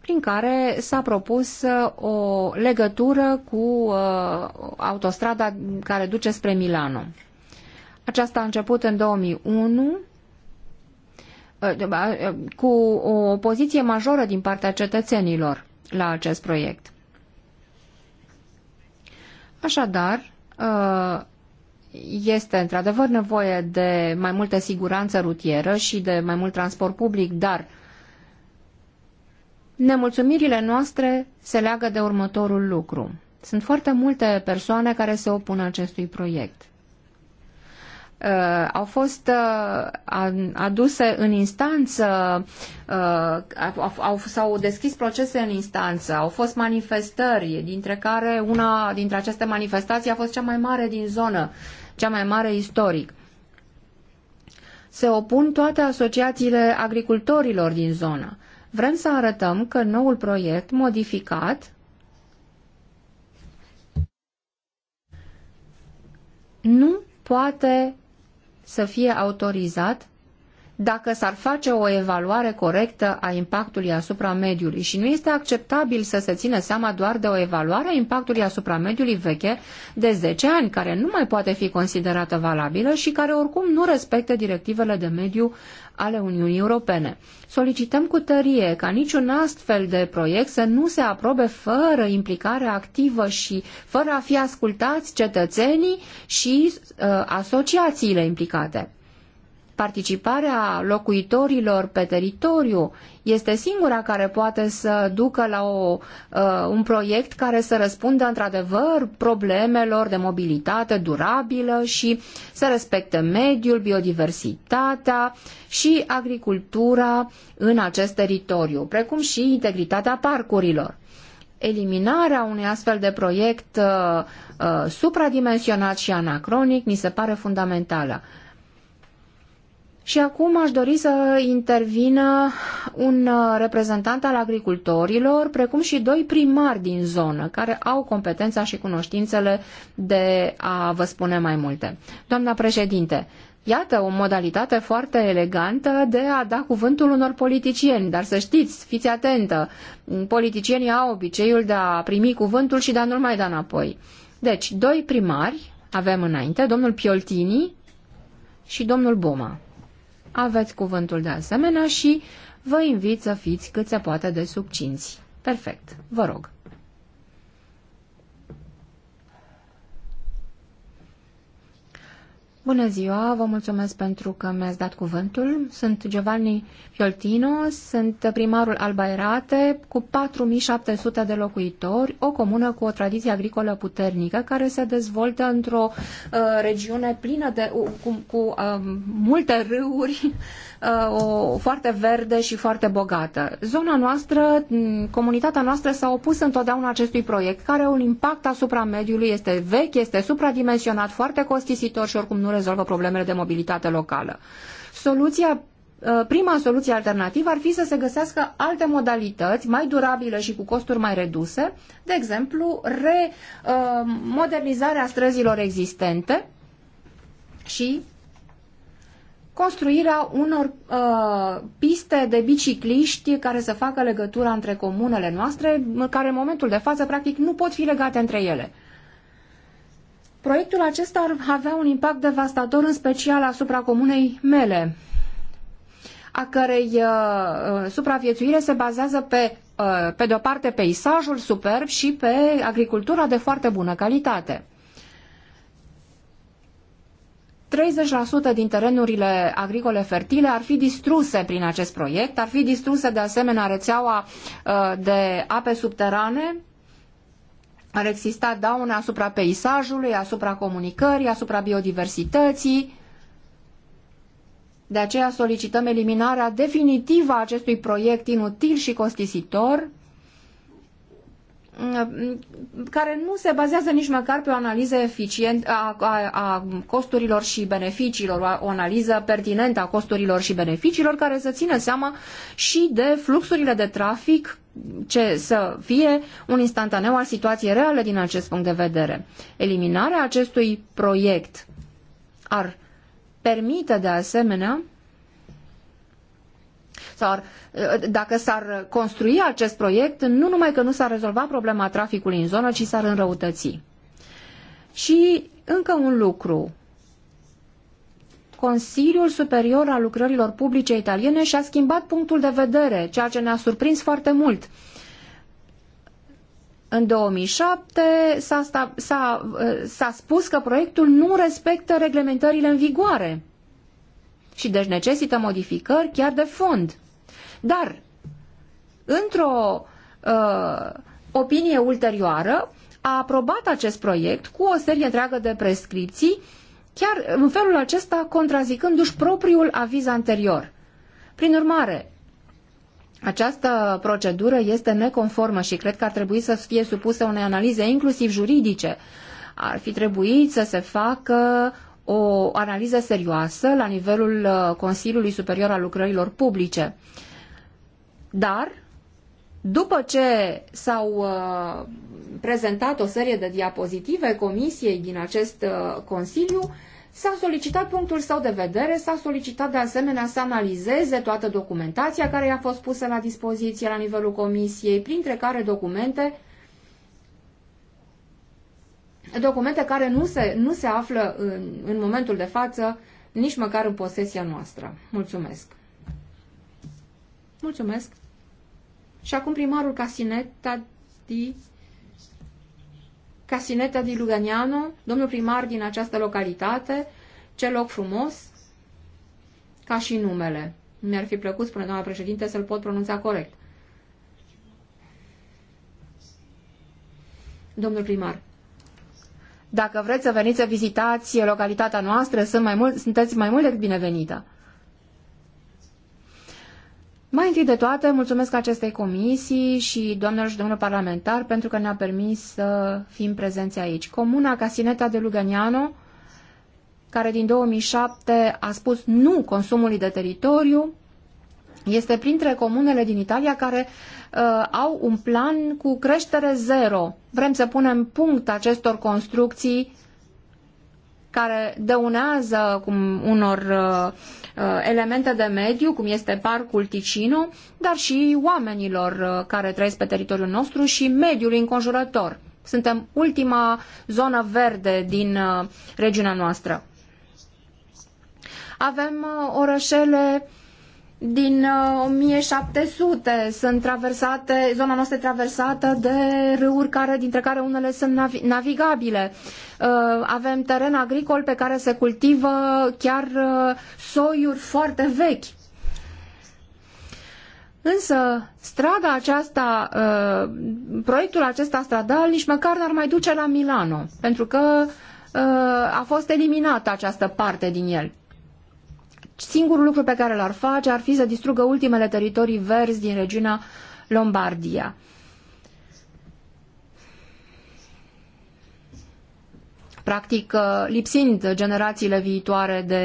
prin care s-a propus uh, o legătură cu uh, autostrada care duce spre Milano. Aceasta a început în 2001 uh, cu o opoziție majoră din partea cetățenilor la acest proiect. Așadar, este într-adevăr nevoie de mai multă siguranță rutieră și de mai mult transport public, dar nemulțumirile noastre se leagă de următorul lucru. Sunt foarte multe persoane care se opun acestui proiect. Uh, au fost uh, aduse în instanță, uh, au, s-au deschis procese în instanță, au fost manifestări, dintre care una dintre aceste manifestații a fost cea mai mare din zonă. Uh, cea mai mare istoric. Se opun toate asociațiile agricultorilor din zonă. Vrem să arătăm că noul proiect modificat nu poate să fie autorizat dacă s-ar face o evaluare corectă a impactului asupra mediului și nu este acceptabil să se țină seama doar de o evaluare a impactului asupra mediului veche de 10 ani, care nu mai poate fi considerată valabilă și care oricum nu respectă directivele de mediu ale Uniunii Europene. Solicităm cu tărie ca niciun astfel de proiect să nu se aprobe fără implicare activă și fără a fi ascultați cetățenii și uh, asociațiile implicate participarea locuitorilor pe teritoriu este singura care poate să ducă la o, uh, un proiect care să răspundă într-adevăr problemelor de mobilitate durabilă și să respecte mediul, biodiversitatea și agricultura în acest teritoriu, precum și integritatea parcurilor eliminarea unui astfel de proiect uh, uh, supradimensionat și anacronic mi se pare fundamentală. Și acum aș dori să intervină un uh, reprezentant al agricultorilor, precum și doi primari din zonă, care au competența și cunoștințele de a vă spune mai multe. Doamna președinte, Iată o modalitate foarte elegantă de a da cuvântul unor politicieni, dar să știți, fiți atentă, politicienii au obiceiul de a primi cuvântul și de a nu-l mai da înapoi. Deci, doi primari avem înainte, domnul Pioltini și domnul Boma aveți cuvântul de asemenea și vă invit să fiți cât se poate de subcinți. Perfect, vă rog. Bună ziua, vă mulțumesc pentru că mi-ați dat cuvântul. Sunt Giovanni Fioltino, sunt primarul Erate, cu 4700 de locuitori, o comună cu o tradiție agricolă puternică, care se dezvoltă într-o uh, regiune plină de, uh, cu, cu uh, multe râuri, Uh, o, foarte verde și foarte bogată. Zona noastră, comunitatea noastră s-a opus întotdeauna acestui proiect, care are un impact asupra mediului, este vechi, este supradimensionat, foarte costisitor și oricum nu rezolvă problemele de mobilitate locală. Soluția uh, prima soluție alternativă ar fi să se găsească alte modalități mai durabile și cu costuri mai reduse, de exemplu, remodernizarea uh, străzilor existente și construirea unor uh, piste de bicicliști care să facă legătura între comunele noastre, care în momentul de față practic nu pot fi legate între ele. Proiectul acesta ar avea un impact devastator în special asupra comunei mele, a cărei uh, uh supraviețuire se bazează pe, uh, pe de-o parte, peisajul superb și pe agricultura de foarte bună calitate. 30% din terenurile agricole fertile ar fi distruse prin acest proiect, ar fi distruse de asemenea rețeaua uh, de ape subterane, ar exista daune asupra peisajului, asupra comunicării, asupra biodiversității. De aceea solicităm eliminarea definitivă a acestui proiect inutil și costisitor, care nu se bazează nici măcar pe o analiză eficientă a, a, a, costurilor și beneficiilor, o analiză pertinentă a costurilor și beneficiilor care să țină seama și de fluxurile de trafic ce să fie un instantaneu al situației reale din acest punct de vedere. Eliminarea acestui proiect ar permite de asemenea s-ar, dacă s-ar construi acest proiect, nu numai că nu s-ar rezolva problema traficului în zonă, ci s-ar înrăutăți. Și încă un lucru. Consiliul Superior al Lucrărilor Publice Italiene și-a schimbat punctul de vedere, ceea ce ne-a surprins foarte mult. În 2007 s-a, spus că proiectul nu respectă reglementările în vigoare și deci necesită modificări chiar de fond. Dar, într-o uh, opinie ulterioară, a aprobat acest proiect cu o serie întreagă de prescripții, chiar în felul acesta contrazicându-și propriul aviz anterior. Prin urmare, această procedură este neconformă și cred că ar trebui să fie supusă unei analize inclusiv juridice. Ar fi trebuit să se facă o analiză serioasă la nivelul uh, Consiliului Superior al Lucrărilor Publice. Uh, dar, după ce s-au uh, prezentat o serie de diapozitive comisiei din acest uh, Consiliu, s-a solicitat punctul său de vedere, s-a solicitat de asemenea să analizeze toată documentația care i-a fost pusă la dispoziție la nivelul comisiei, printre care documente documente care nu se, nu se află în, în momentul de față nici măcar în posesia noastră. Mulțumesc! Mulțumesc! Și acum primarul Casineta di, Casineta di Luganiano, domnul primar din această localitate, ce loc frumos, ca și numele. Mi-ar fi plăcut, spune doamna președinte, să-l pot pronunța corect. Domnul primar. Dacă vreți să veniți să vizitați localitatea noastră, sunt mai mult, sunteți mai mult decât binevenită. Mai întâi de toate, mulțumesc acestei comisii și doamnelor și domnilor parlamentari pentru că ne-a permis să fim prezenți aici. Comuna Casineta de Luganiano, care din 2007 a spus nu consumului de teritoriu, este printre comunele din Italia care uh, au un plan cu creștere zero. Vrem să punem punct acestor construcții care dăunează cum unor uh, Uh, elemente de mediu, cum este parcul Ticino, dar și oamenilor uh, care trăiesc pe teritoriul nostru și mediul înconjurător. Suntem ultima zonă verde din uh, regiunea noastră. Avem orășele din 1700 uh, sunt traversate, zona noastră traversată de râuri care, dintre care unele sunt navigabile. Uh, avem teren agricol pe care se cultivă chiar uh, soiuri foarte vechi. Însă strada aceasta, proiectul acesta stradal nici măcar n-ar mai duce la Milano, pentru că a fost eliminată această parte din el singurul lucru pe care l-ar face ar fi să distrugă ultimele teritorii verzi din regiunea Lombardia. Practic, uh, lipsind generațiile viitoare de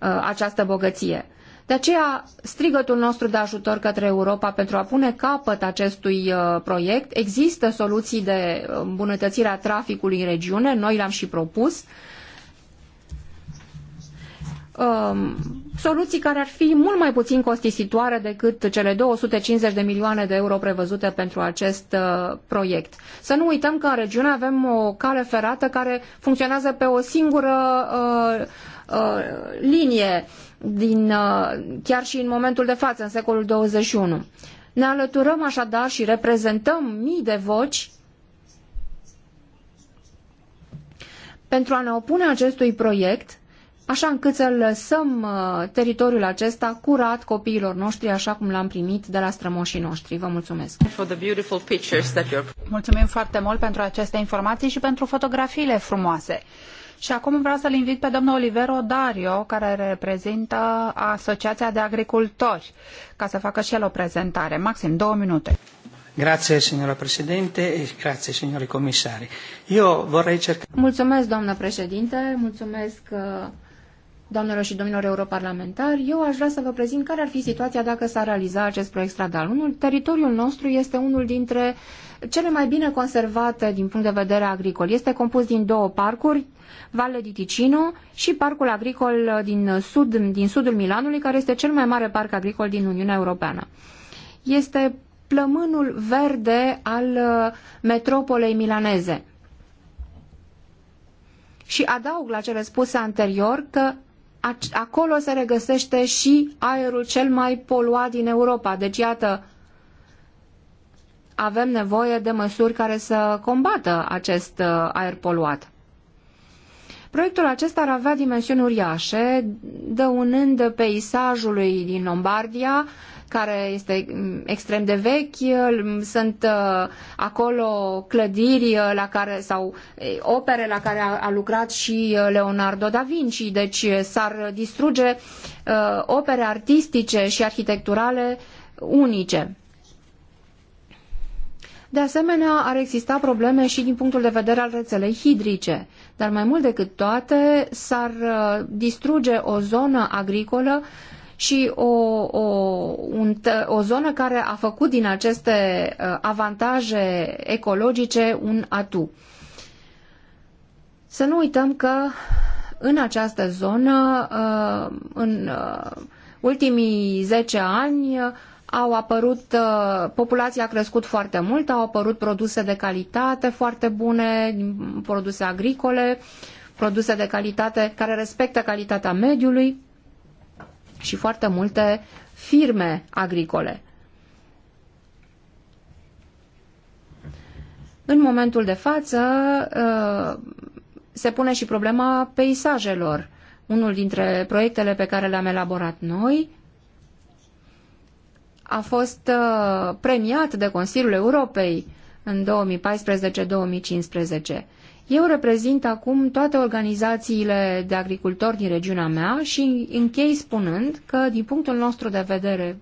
uh, această bogăție. De aceea, strigătul nostru de ajutor către Europa pentru a pune capăt acestui uh, proiect, există soluții de îmbunătățire a traficului în regiune, noi le-am și propus, uh, um, soluții care ar fi mult mai puțin costisitoare decât cele 250 de milioane de euro prevăzute pentru acest uh, proiect. Să nu uităm că în regiune avem o cale ferată care funcționează pe o singură uh, uh, linie din, uh, chiar și în momentul de față, în secolul 21. Ne alăturăm așadar și reprezentăm mii de voci pentru a ne opune acestui proiect așa încât să lăsăm uh, teritoriul acesta curat copiilor noștri, așa cum l-am primit de la strămoșii noștri. Vă mulțumesc! Mulțumim foarte mult pentru aceste informații și pentru fotografiile frumoase. Și acum vreau să-l invit pe domnul Olivero Dario, care reprezintă Asociația de Agricultori, ca să facă și el o prezentare. Maxim, două minute. Grazie signora Presidente e grazie signori comisari. Io vorrei cerca... Mulțumesc domnule președinte, mulțumesc uh, doamnelor și domnilor europarlamentari, eu aș vrea să vă prezint care ar fi situația dacă s-ar realiza acest proiect stradal. Unul, teritoriul nostru este unul dintre cele mai bine conservate din punct de vedere agricol. Este compus din două parcuri, Valle di Ticino și parcul agricol din, sud, din sudul Milanului, care este cel mai mare parc agricol din Uniunea Europeană. Este plămânul verde al uh, metropolei milaneze. Și adaug la cele spuse anterior că acolo se regăsește și aerul cel mai poluat din Europa. Deci, iată, avem nevoie de măsuri care să combată acest uh, aer poluat. Proiectul acesta ar avea dimensiuni uriașe, dăunând peisajului din Lombardia care este mm, extrem de vechi, mm, sunt uh, acolo clădiri uh, la care, sau opere la care a, a lucrat și uh, Leonardo da Vinci, deci s-ar distruge opere artistice și arhitecturale unice. De asemenea, ar exista probleme și din punctul de vedere al rețelei hidrice, dar mai mult decât toate, s-ar distruge o zonă agricolă și o, o, un, o zonă care a făcut din aceste uh, avantaje ecologice un atu. Să nu uităm că în această zonă, uh, în uh, ultimii zece ani, au apărut, populația a crescut foarte mult, au apărut produse de calitate foarte bune, produse agricole, produse de calitate care respectă calitatea mediului și foarte multe firme agricole. În momentul de față uh, se pune și problema peisajelor. Unul dintre proiectele pe care le-am elaborat noi a fost uh, premiat de Consiliul Europei în 2014-2015 eu reprezint acum toate organizațiile de agricultori din regiunea mea și închei spunând că, din punctul nostru de vedere,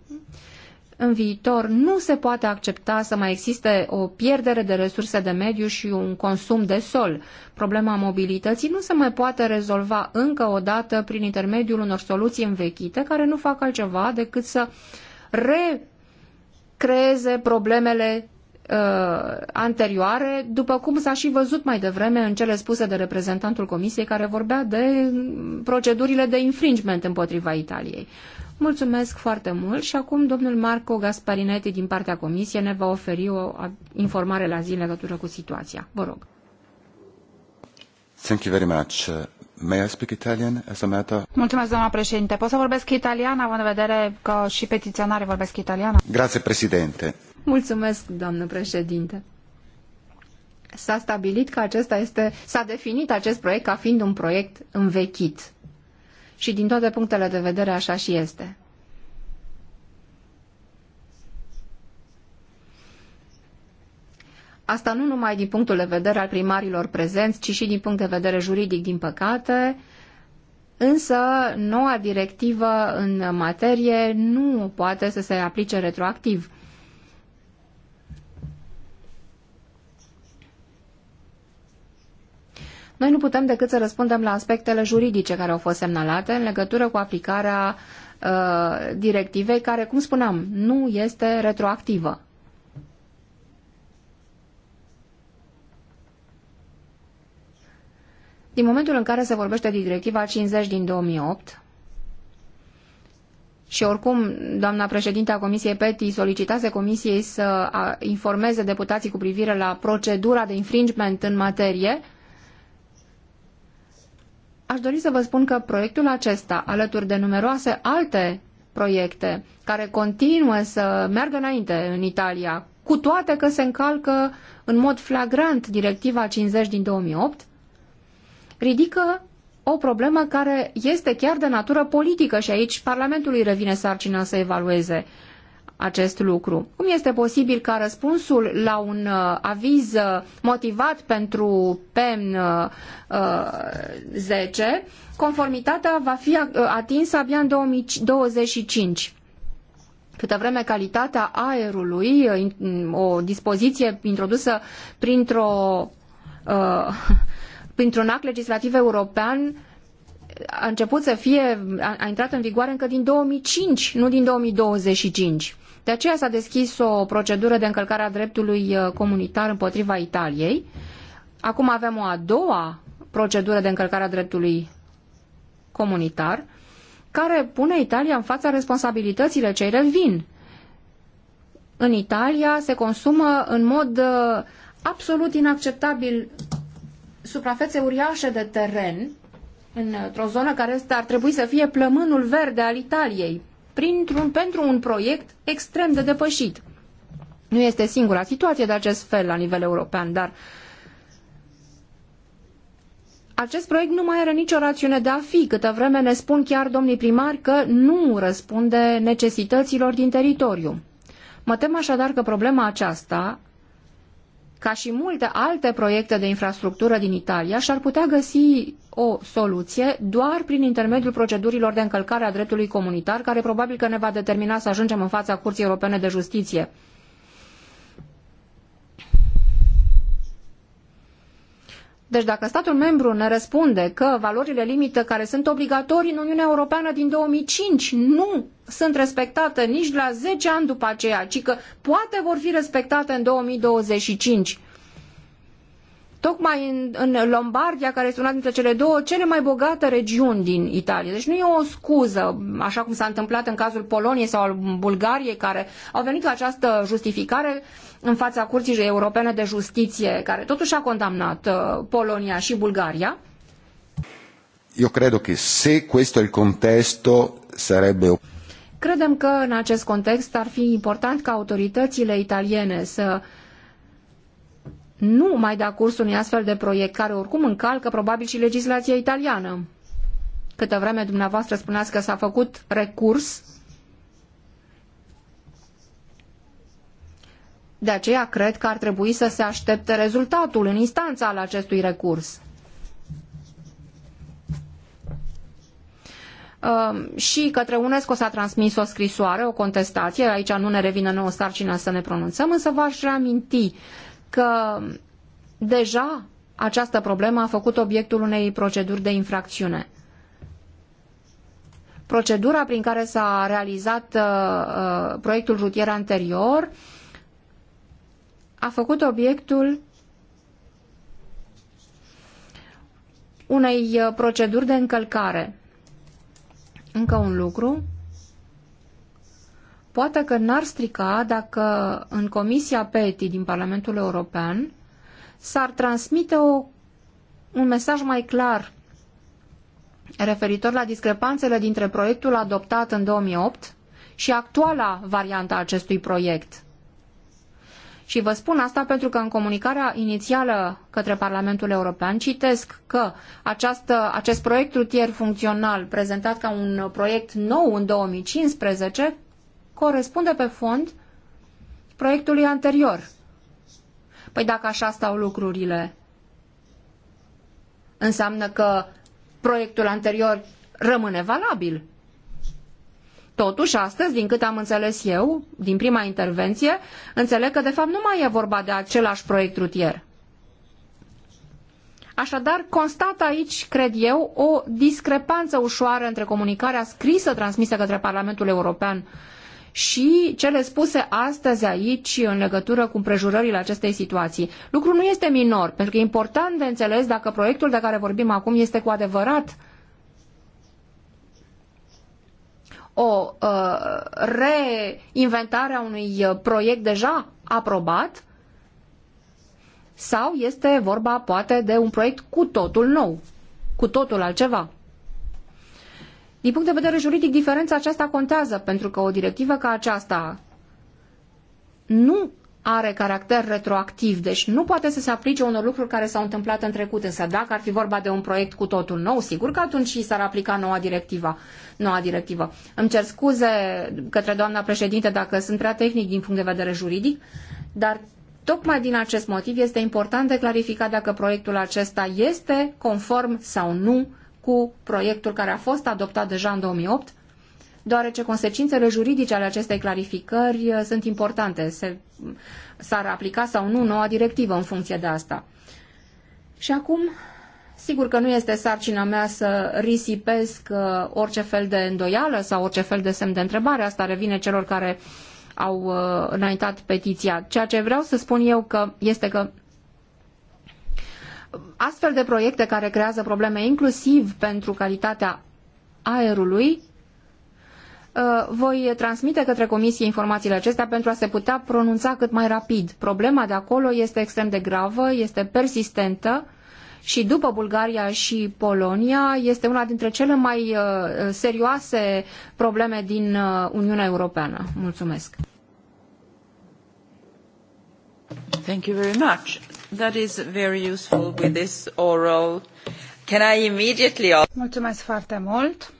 în viitor nu se poate accepta să mai existe o pierdere de resurse de mediu și un consum de sol. Problema mobilității nu se mai poate rezolva încă o dată prin intermediul unor soluții învechite care nu fac altceva decât să recreeze problemele uh, anterioare, după cum s-a și văzut mai devreme în cele spuse de reprezentantul Comisiei care vorbea de procedurile de infringement împotriva Italiei. Mulțumesc foarte mult și acum domnul Marco Gasparinetti din partea Comisiei ne va oferi o informare la zi în legătură cu situația. Vă rog. Thank you very much. Uh, may I speak Italian as a matter? Mulțumesc, doamna președinte. Pot să vorbesc italiană, având în vedere că și petiționarii vorbesc italiană? Grazie, președinte. Mulțumesc, doamnă președinte. S-a stabilit că acesta este, s-a definit acest proiect ca fiind un proiect învechit. Și din toate punctele de vedere așa și este. Asta nu numai din punctul de vedere al primarilor prezenți, ci și din punct de vedere juridic, din păcate, însă noua directivă în materie nu poate să se aplice retroactiv. Noi nu putem decât să răspundem la aspectele juridice care au fost semnalate în legătură cu aplicarea uh, directivei care, cum spuneam, nu este retroactivă. Din momentul în care se vorbește de directiva 50 din 2008, și oricum, doamna președinte a Comisiei PETI solicitase Comisiei să informeze deputații cu privire la procedura de infringement în materie, aș dori să vă spun că proiectul acesta, alături de numeroase alte proiecte care continuă să meargă înainte în Italia, cu toate că se încalcă în mod flagrant directiva 50 din 2008, ridică o problemă care este chiar de natură politică și aici Parlamentului revine sarcina să evalueze acest lucru. Cum este posibil ca răspunsul la un uh, aviz uh, motivat pentru pm 10, uh, conformitatea va fi atinsă abia în 2025? câtă vreme calitatea aerului, mm, o dispoziție introdusă printr-o printr-un act legislativ european a început să fie, a, a intrat în vigoare încă din 2005, nu din 2025. De aceea s-a deschis o procedură de încălcare a dreptului uh, comunitar împotriva Italiei. Acum avem o a doua procedură de încălcare a dreptului comunitar, care pune Italia în fața responsabilităților ce îi revin. În Italia se consumă în mod uh, absolut inacceptabil suprafețe uriașe de teren într-o zonă care ar trebui să fie plămânul verde al Italiei, printr-un, pentru un proiect extrem de depășit. Nu este singura situație de acest fel la nivel european, dar acest proiect nu mai are nicio rațiune de a fi, câtă vreme ne spun chiar domnii primari că nu răspunde necesităților din teritoriu. Mă tem așadar că problema aceasta ca și multe alte proiecte de infrastructură din Italia, și-ar putea găsi o soluție doar prin intermediul procedurilor de încălcare a dreptului comunitar, care probabil că ne va determina să ajungem în fața Curții Europene de Justiție. Deci dacă statul membru ne răspunde că valorile limită care sunt obligatorii în Uniunea Europeană din 2005 nu sunt respectate nici la zece ani după aceea, ci că poate vor fi respectate în 2025, tocmai în, în Lombardia, care este una dintre cele două cele mai bogate regiuni din Italia. Deci nu e o scuză, așa cum s-a întâmplat în cazul Poloniei sau al Bulgariei, care au venit cu această justificare în fața Curții Europene de Justiție, care totuși a condamnat uh, Polonia și Bulgaria. Eu cred că se questo il contesto sarebbe Credem că în acest context ar fi important ca autoritățile italiene să nu mai da curs unui astfel de proiect care oricum încalcă probabil și legislația italiană. Câtă vreme dumneavoastră spuneați că s-a făcut recurs, de aceea cred că ar trebui să se aștepte rezultatul în instanța al acestui recurs. Ehm, și către UNESCO s-a transmis o scrisoare, o contestație, aici nu ne revine nouă sarcina să ne pronunțăm, însă v-aș reaminti că deja această problemă a făcut obiectul unei proceduri de infracțiune. Procedura prin care s-a realizat uh, uh proiectul rutier anterior a făcut obiectul unei uh, proceduri de încălcare. Încă un lucru Poate că n-ar strica dacă în Comisia PETI din Parlamentul European s-ar transmite o, un mesaj mai clar referitor la discrepanțele dintre proiectul adoptat în 2008 și actuala variantă a acestui proiect. Și vă spun asta pentru că în comunicarea inițială către Parlamentul European citesc că această, acest proiect rutier funcțional prezentat ca un proiect nou în 2015 corespunde pe fond proiectului anterior. Păi dacă așa stau lucrurile, înseamnă că proiectul anterior rămâne valabil. Totuși, astăzi, din cât am înțeles eu, din prima intervenție, înțeleg că de fapt nu mai e vorba de același proiect rutier. Așadar, constat aici, cred eu, o discrepanță ușoară între comunicarea scrisă transmisă către Parlamentul European și cele spuse astăzi aici în legătură cu împrejurările acestei situații. Lucrul nu este minor, pentru că e important de înțeles dacă proiectul de care vorbim acum este cu adevărat o uh, reinventare a unui uh, proiect deja aprobat sau este vorba poate de un proiect cu totul nou, cu totul altceva. Din punct de vedere juridic, diferența aceasta contează, pentru că o directivă ca aceasta nu are caracter retroactiv, deci nu poate să se aplice unor lucruri care s-au întâmplat în trecut, însă dacă ar fi vorba de un proiect cu totul nou, sigur că atunci s-ar aplica noua directivă. Noua directivă. Îmi cer scuze către doamna președinte dacă sunt prea tehnic din punct de vedere juridic, dar tocmai din acest motiv este important de clarificat dacă proiectul acesta este conform sau nu cu proiectul care a fost adoptat deja în 2008, deoarece consecințele juridice ale acestei clarificări uh, sunt importante. Se, s-ar aplica sau nu noua directivă în funcție de asta. Și acum, sigur că nu este sarcina mea să risipesc uh, orice fel de îndoială sau orice fel de semn de întrebare. Asta revine celor care au uh, înaintat petiția. Ceea ce vreau să spun eu că este că astfel de proiecte care creează probleme inclusiv pentru calitatea aerului, uh, voi transmite către comisie informațiile acestea pentru a se putea pronunța cât mai rapid. Problema de acolo este extrem de gravă, este persistentă și după Bulgaria și Polonia este una dintre cele mai uh, serioase probleme din uh, Uniunea Europeană. Mulțumesc! Thank you very much. That is very useful with this oral. Can I immediately... Mulțumesc foarte mult.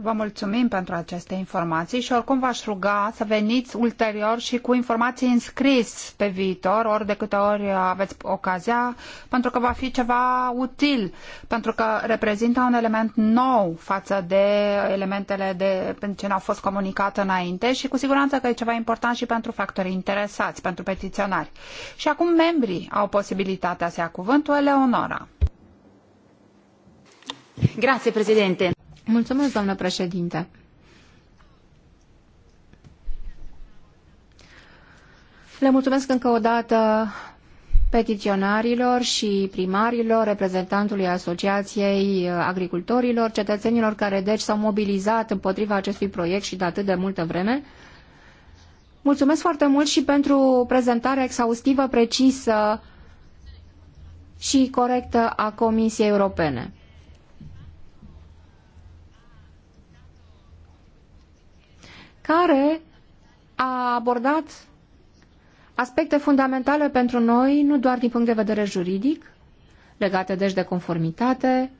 Vă mulțumim pentru aceste informații și oricum v-aș ruga să veniți ulterior și cu informații înscris pe viitor, ori de câte ori aveți ocazia, pentru că va fi ceva util, pentru că reprezintă un element nou față de elementele de, ce ne-au fost comunicate înainte și cu siguranță că e ceva important și pentru factorii interesați, pentru petiționari. Și acum membrii au posibilitatea să ia cuvântul, Eleonora. Grazie, Presidente. Mulțumesc, doamnă președinte. Le mulțumesc încă o dată petiționarilor și primarilor, reprezentantului Asociației Agricultorilor, cetățenilor care deci s-au mobilizat împotriva acestui proiect și de atât de multă vreme. Mulțumesc foarte mult și pentru prezentarea exhaustivă, precisă și corectă a Comisiei Europene. care a abordat aspecte fundamentale pentru noi, nu doar din punct de vedere juridic, legate deci de conformitate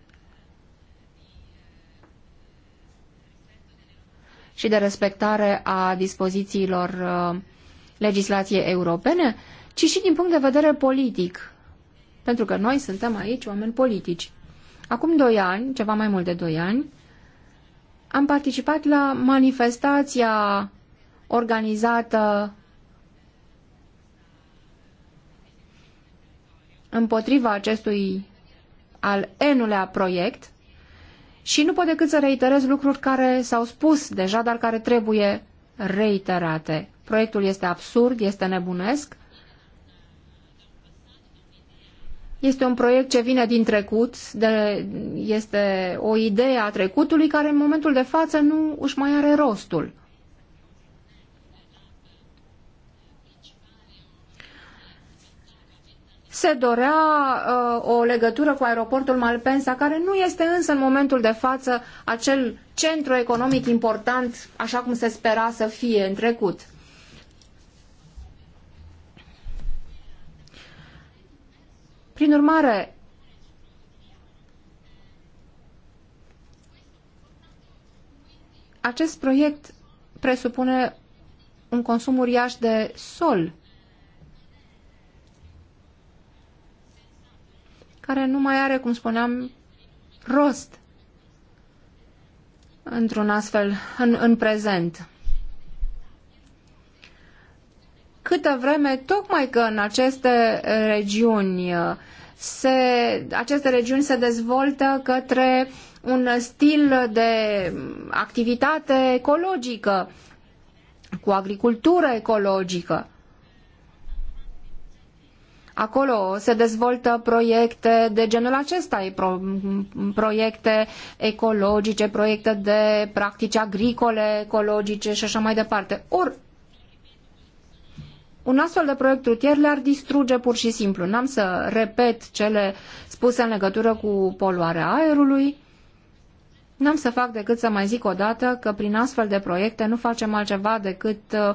și de respectare a dispozițiilor uh, legislației europene, ci și din punct de vedere politic, pentru că noi suntem aici oameni politici. Acum doi ani, ceva mai mult de doi ani, am participat la manifestația organizată împotriva acestui al enulea proiect și nu pot decât să reiterez lucruri care s-au spus deja, dar care trebuie reiterate. Proiectul este absurd, este nebunesc Este un proiect ce vine din trecut, de, este o idee a trecutului care în momentul de față nu își mai are rostul. se dorea uh, o legătură cu aeroportul Malpensa, care nu este însă în momentul de față acel centru economic important, așa cum se spera să fie în trecut. Prin urmare, acest proiect presupune un consum uriaș de sol, care nu mai are, cum spuneam, rost într-un astfel, în, în prezent. câtă vreme tocmai că în aceste regiuni uh, se, aceste regiuni se dezvoltă către un stil de activitate ecologică, cu agricultură ecologică. Acolo se dezvoltă proiecte de genul acesta, proiecte ecologice, proiecte de practici agricole ecologice și așa mai departe. Ori un astfel de proiect rutier le-ar distruge pur și simplu. N-am să repet cele spuse în legătură cu poluarea aerului. N-am să fac decât să mai zic o dată că prin astfel de proiecte nu facem altceva decât uh,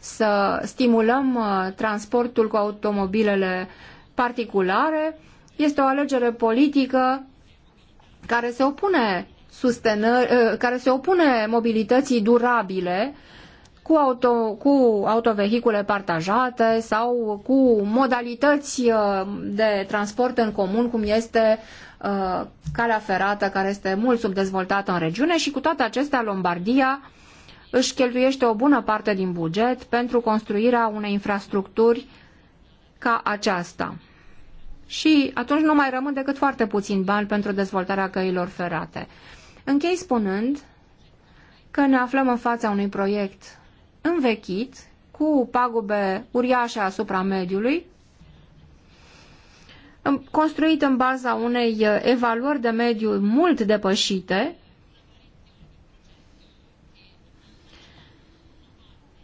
să stimulăm uh, transportul cu automobilele particulare. Este o alegere politică care se opune, uh, care se opune mobilității durabile uh, cu, auto, cu autovehicule partajate sau cu modalități uh, de transport în comun, cum este uh, calea ferată, care este mult subdezvoltată în regiune și cu toate acestea Lombardia își cheltuiește o bună parte din buget pentru construirea unei infrastructuri ca aceasta. Și atunci nu mai rămân decât foarte puțin bani pentru dezvoltarea căilor ferate. Închei spunând că ne aflăm în fața unui proiect învechit, cu pagube uriașe asupra mediului, construit în baza unei uh, evaluări de mediu mult depășite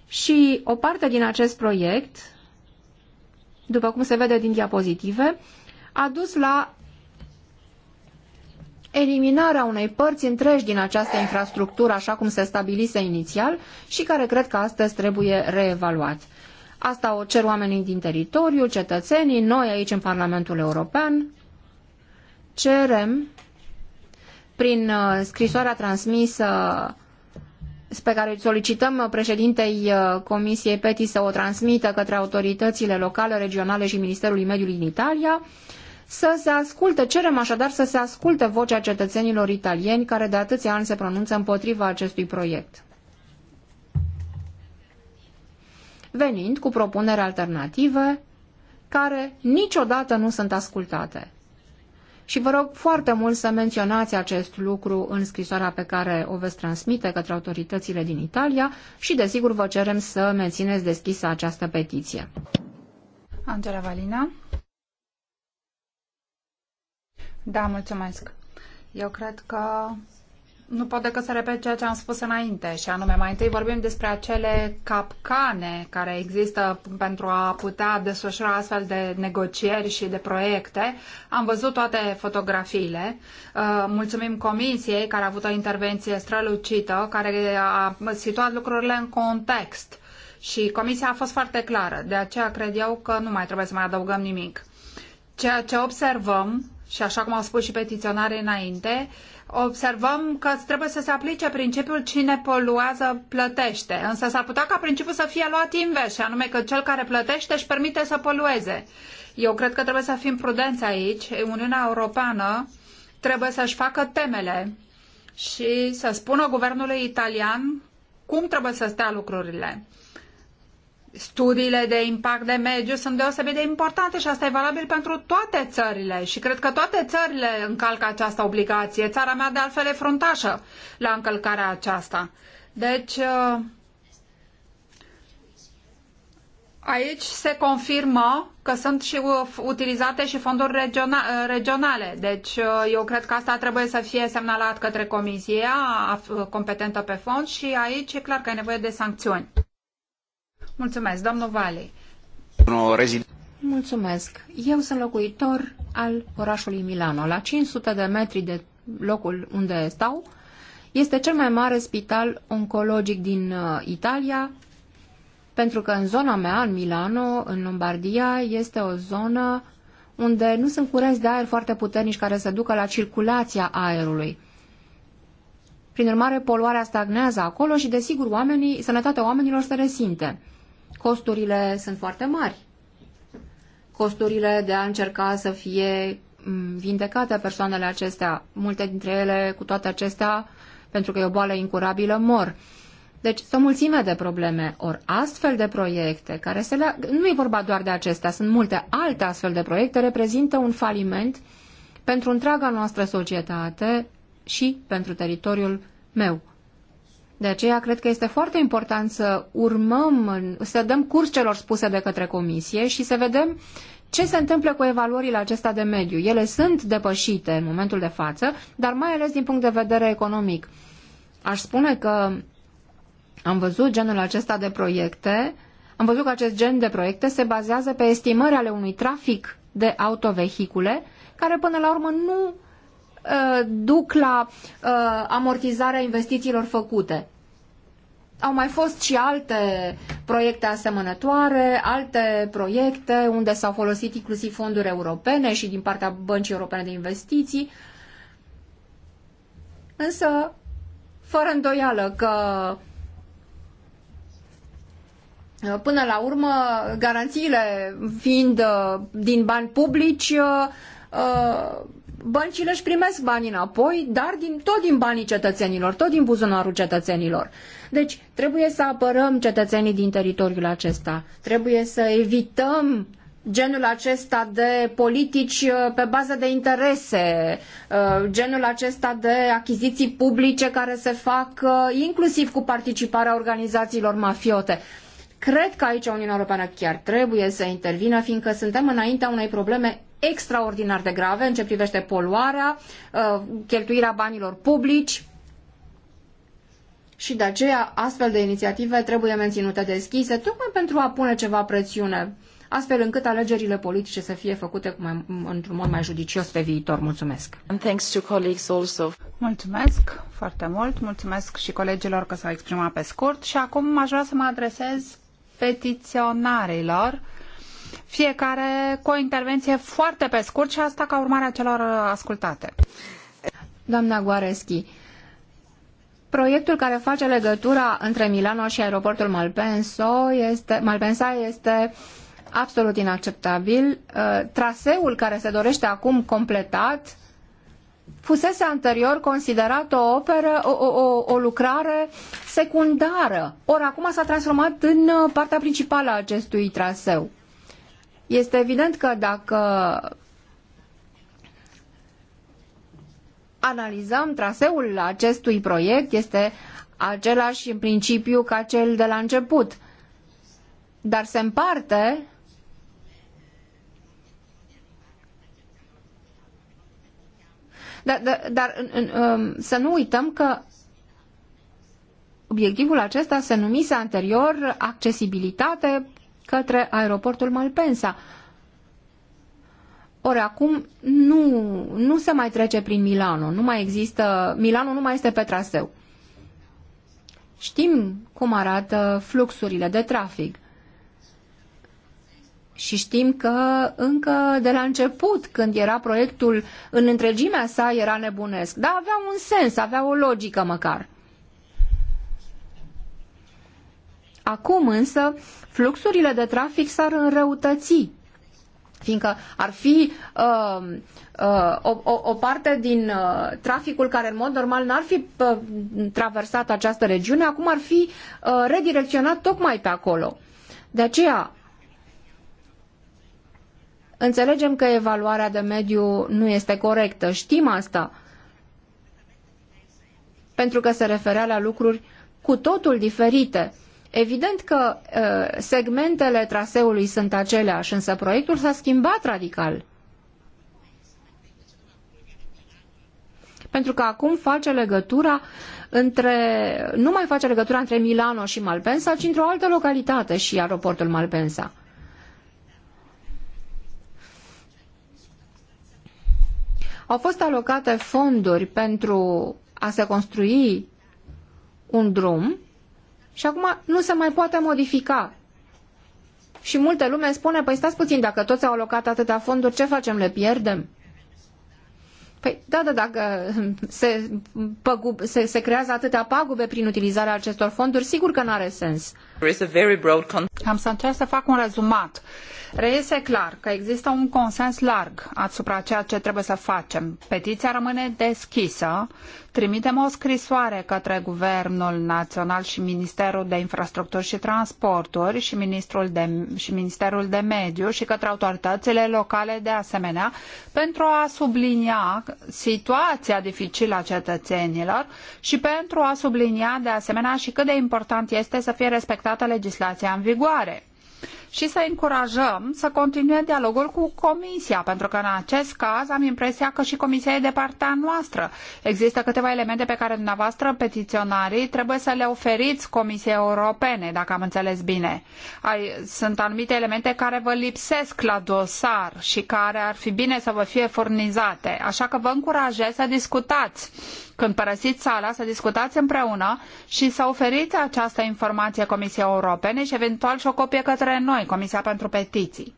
și o parte din acest proiect, după cum se vede din diapozitive, a dus la eliminarea unei părți întregi din această infrastructură, așa cum se stabilise inițial și care cred că astăzi trebuie reevaluat. Asta o cer oamenii din teritoriu, cetățenii, noi aici în Parlamentul European. Cerem, prin uh, scrisoarea transmisă pe care solicităm președintei uh, Comisiei PETI să o transmită către autoritățile locale, regionale și Ministerului Mediului din Italia, să se asculte, cerem așadar să se asculte vocea cetățenilor italieni care de atâția ani se pronunță împotriva acestui proiect. Venind cu propuneri alternative care niciodată nu sunt ascultate. Și vă rog foarte mult să menționați acest lucru în scrisoarea pe care o veți transmite către autoritățile din Italia și desigur vă cerem să mențineți deschisă această petiție. Angela Valina. Da, mulțumesc. Eu cred că nu pot decât să repet ceea ce am spus înainte, și anume, mai întâi vorbim despre acele capcane care există pentru a putea desfășura astfel de negocieri și de proiecte. Am văzut toate fotografiile. Uh, mulțumim comisiei care a avut o intervenție strălucită, care a situat lucrurile în context. Și comisia a fost foarte clară, de aceea cred eu că nu mai trebuie să mai adăugăm nimic. Ceea ce observăm și așa cum au spus și petiționare înainte, observăm că trebuie să se aplice principiul cine poluează plătește. Însă s-ar putea ca principiul să fie luat invers, și anume că cel care plătește își permite să polueze. Eu cred că trebuie să fim prudenți aici. Uniunea Europeană trebuie să-și facă temele și să spună guvernului italian cum trebuie să stea lucrurile. Studiile de impact de mediu sunt deosebit de importante și asta e valabil pentru toate țările și cred că toate țările încalcă această obligație. Țara mea de altfel e fruntașă la încălcarea aceasta. Deci uh, aici se confirmă că sunt și uh, utilizate și fonduri uh, regionale. Deci eu cred că asta trebuie să fie semnalat către comisia competentă pe fond și aici e clar că e nevoie de sancțiuni. Mulțumesc, domnul Vale. Mulțumesc. Eu sunt locuitor al orașului Milano. La 500 de metri de locul unde stau, este cel mai mare spital oncologic din uh, Italia, pentru că în zona mea, în Milano, în Lombardia, este o zonă unde nu sunt curenți de aer foarte puternici care să ducă la circulația aerului. Prin urmare, poluarea stagnează acolo și, desigur, oamenii, sănătatea oamenilor se resimte costurile sunt foarte mari. Costurile de a încerca să fie mm, vindecate persoanele acestea, multe dintre ele, cu toate acestea, pentru că e o boală incurabilă, mor. Deci sunt o mulțime de probleme. Ori astfel de proiecte, care se le... nu e vorba doar de acestea, sunt multe alte astfel de proiecte, reprezintă un faliment pentru întreaga noastră societate și pentru teritoriul meu, de aceea cred că este foarte important să urmăm, să dăm curs celor spuse de către comisie și să vedem ce se întâmplă cu evaluările acestea de mediu. Ele sunt depășite în momentul de față, dar mai ales din punct de vedere economic. Aș spune că am văzut genul acesta de proiecte, am văzut că acest gen de proiecte se bazează pe estimări ale unui trafic de autovehicule, care până la urmă nu Uh, duc la uh, amortizarea investițiilor făcute. Au mai fost și alte proiecte asemănătoare, alte proiecte unde s-au folosit inclusiv fonduri europene și din partea Băncii Europene de Investiții. Însă, fără îndoială că uh, până la urmă, garanțiile fiind din bani publici, băncile își primesc banii înapoi, dar din, tot din banii cetățenilor, tot din buzunarul cetățenilor. Deci trebuie să apărăm cetățenii din teritoriul acesta, trebuie să evităm genul acesta de politici uh, pe bază de interese, uh, genul acesta de achiziții publice care se fac uh, inclusiv cu participarea organizațiilor mafiote. Cred că aici Uniunea Europeană chiar trebuie să intervină, fiindcă suntem înaintea unei probleme extraordinar de grave în ce privește poluarea, uh, cheltuirea banilor publici și de aceea astfel de inițiative trebuie menținute deschise, tocmai pentru a pune ceva presiune, astfel încât alegerile politice să fie făcute într-un mod mai judicios pe viitor. Mulțumesc! Mulțumesc foarte mult, mulțumesc și colegilor că s-au exprimat pe scurt și acum aș vrea să mă adresez petiționarilor, fiecare cu o intervenție foarte pe scurt și asta ca urmare a celor ascultate. Doamna Guareschi, Proiectul care face legătura între Milano și aeroportul Malpenso este, Malpensa este absolut inacceptabil. Uh, traseul care se dorește acum completat fusese anterior considerată o operă, o, o, o lucrare secundară. Ori acum s-a transformat în uh, partea principală a acestui traseu. Este evident că dacă analizăm traseul acestui proiect, este același în principiu ca cel de la început, dar se împarte Dar, dar, dar um, să nu uităm că obiectivul acesta se numise anterior accesibilitate către aeroportul Malpensa. Ori acum nu, nu se mai trece prin Milano, nu mai există, Milano nu mai este pe traseu. Știm cum arată fluxurile de trafic. Și știm că încă de la început, când era proiectul în întregimea sa, era nebunesc. Dar avea un sens, avea o logică măcar. Acum însă, fluxurile de trafic s-ar înrăutăți, fiindcă ar fi uh, uh, o, o, o, parte din uh, traficul care în mod normal n-ar fi uh, traversat această regiune, acum ar fi uh, redirecționat tocmai pe acolo. De aceea, Înțelegem că evaluarea de mediu nu este corectă, știm asta, pentru că se referea la lucruri cu totul diferite. Evident că uh, segmentele traseului sunt aceleași, însă proiectul s-a schimbat radical. Pentru că acum face legătura între, nu mai face legătura între Milano și Malpensa, ci într-o altă localitate și aeroportul Malpensa. Au fost alocate fonduri pentru a se construi un drum și acum nu se mai poate modifica. Și multe lume spune, păi stați puțin, dacă toți au alocat atâtea fonduri, ce facem, le pierdem? Păi, da, da, dacă se, păgub, se, se creează atâtea pagube prin utilizarea acestor fonduri, sigur că nu are sens. Am să încerc să fac un rezumat. Reiese clar că există un consens larg asupra ceea ce trebuie să facem. Petiția rămâne deschisă. Trimitem o scrisoare către Guvernul Național și Ministerul de Infrastructuri și Transporturi și, Ministrul de, și Ministerul de Mediu și către autoritățile locale de asemenea pentru a sublinia situația dificilă a cetățenilor și pentru a sublinia de asemenea și cât de important este să fie respectat respectată legislația în vigoare și să încurajăm să continue dialogul cu Comisia, pentru că în acest caz am impresia că și Comisia e de partea noastră. Există câteva elemente pe care dumneavoastră, petiționarii, trebuie să le oferiți Comisiei Europene, dacă am înțeles bine. sunt anumite elemente care vă lipsesc la dosar și care ar fi bine să vă fie furnizate. Așa că vă încurajez să discutați când părăsiți sala, să discutați împreună și să oferiți această informație Comisiei Europene și eventual și o copie către noi, Comisia pentru Petiții.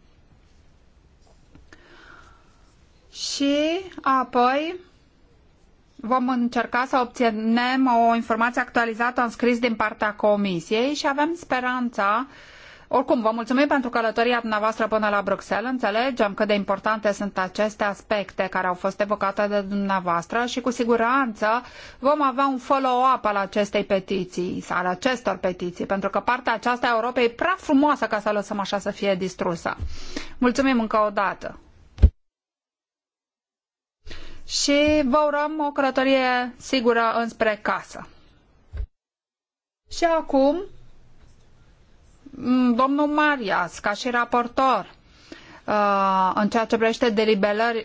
Și apoi vom încerca să obținem o informație actualizată în scris din partea Comisiei și avem speranța oricum, vă mulțumim pentru călătoria dumneavoastră până la Bruxelles. Înțelegem cât de importante sunt aceste aspecte care au fost evocate de dumneavoastră și cu siguranță vom avea un follow-up al acestei petiții, al acestor petiții, pentru că partea aceasta a Europei e prea frumoasă ca să o lăsăm așa să fie distrusă. Mulțumim încă o dată. Și vă urăm o călătorie sigură înspre casă. Și acum Mm, domnul Marias ca și raportor uh, în ceea ce privește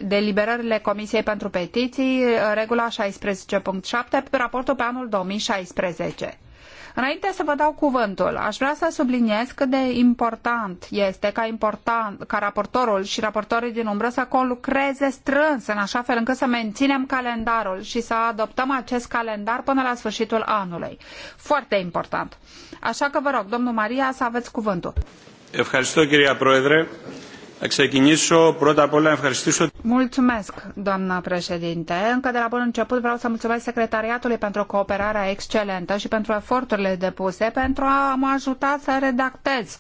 deliberările Comisiei pentru Petiții, uh, regula 16.7, raportul pe anul 2016. Înainte să vă dau cuvântul, aș vrea să subliniez cât de important este ca, important, ca raportorul și raportorii din umbră să conlucreze strâns în așa fel încât să menținem calendarul și să adoptăm acest calendar până la sfârșitul anului. Foarte important. Așa că vă rog, domnul Maria, să aveți cuvântul. Ευχαριστώ κυρία președinte. Mulțumesc, doamna președinte. Încă de la bun început vreau să mulțumesc secretariatului pentru cooperarea excelentă și pentru eforturile depuse pentru a mă ajuta să redactez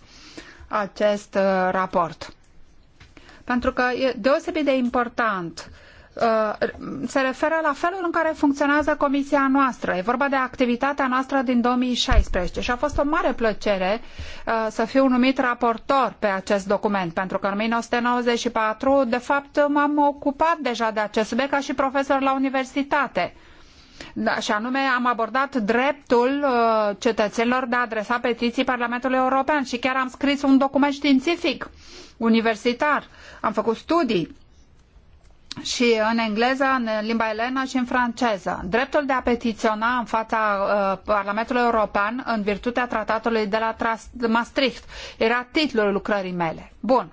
acest uh, raport. Pentru că e deosebit de important uh, Uh, se referă la felul în care funcționează comisia noastră. E vorba de activitatea noastră din 2016 și a fost o mare plăcere uh, să fiu numit raportor pe acest document, pentru că în 1994, de fapt, m-am ocupat deja de acest subiect ca și profesor la universitate. Da, și anume am abordat dreptul uh, cetățenilor de a adresa petiții Parlamentului European și chiar am scris un document științific universitar. Am făcut studii și în engleză, în limba elenă și în franceză. Dreptul de a petiționa în fața uh, Parlamentului European în virtutea tratatului de la Maastricht era titlul lucrării mele. Bun.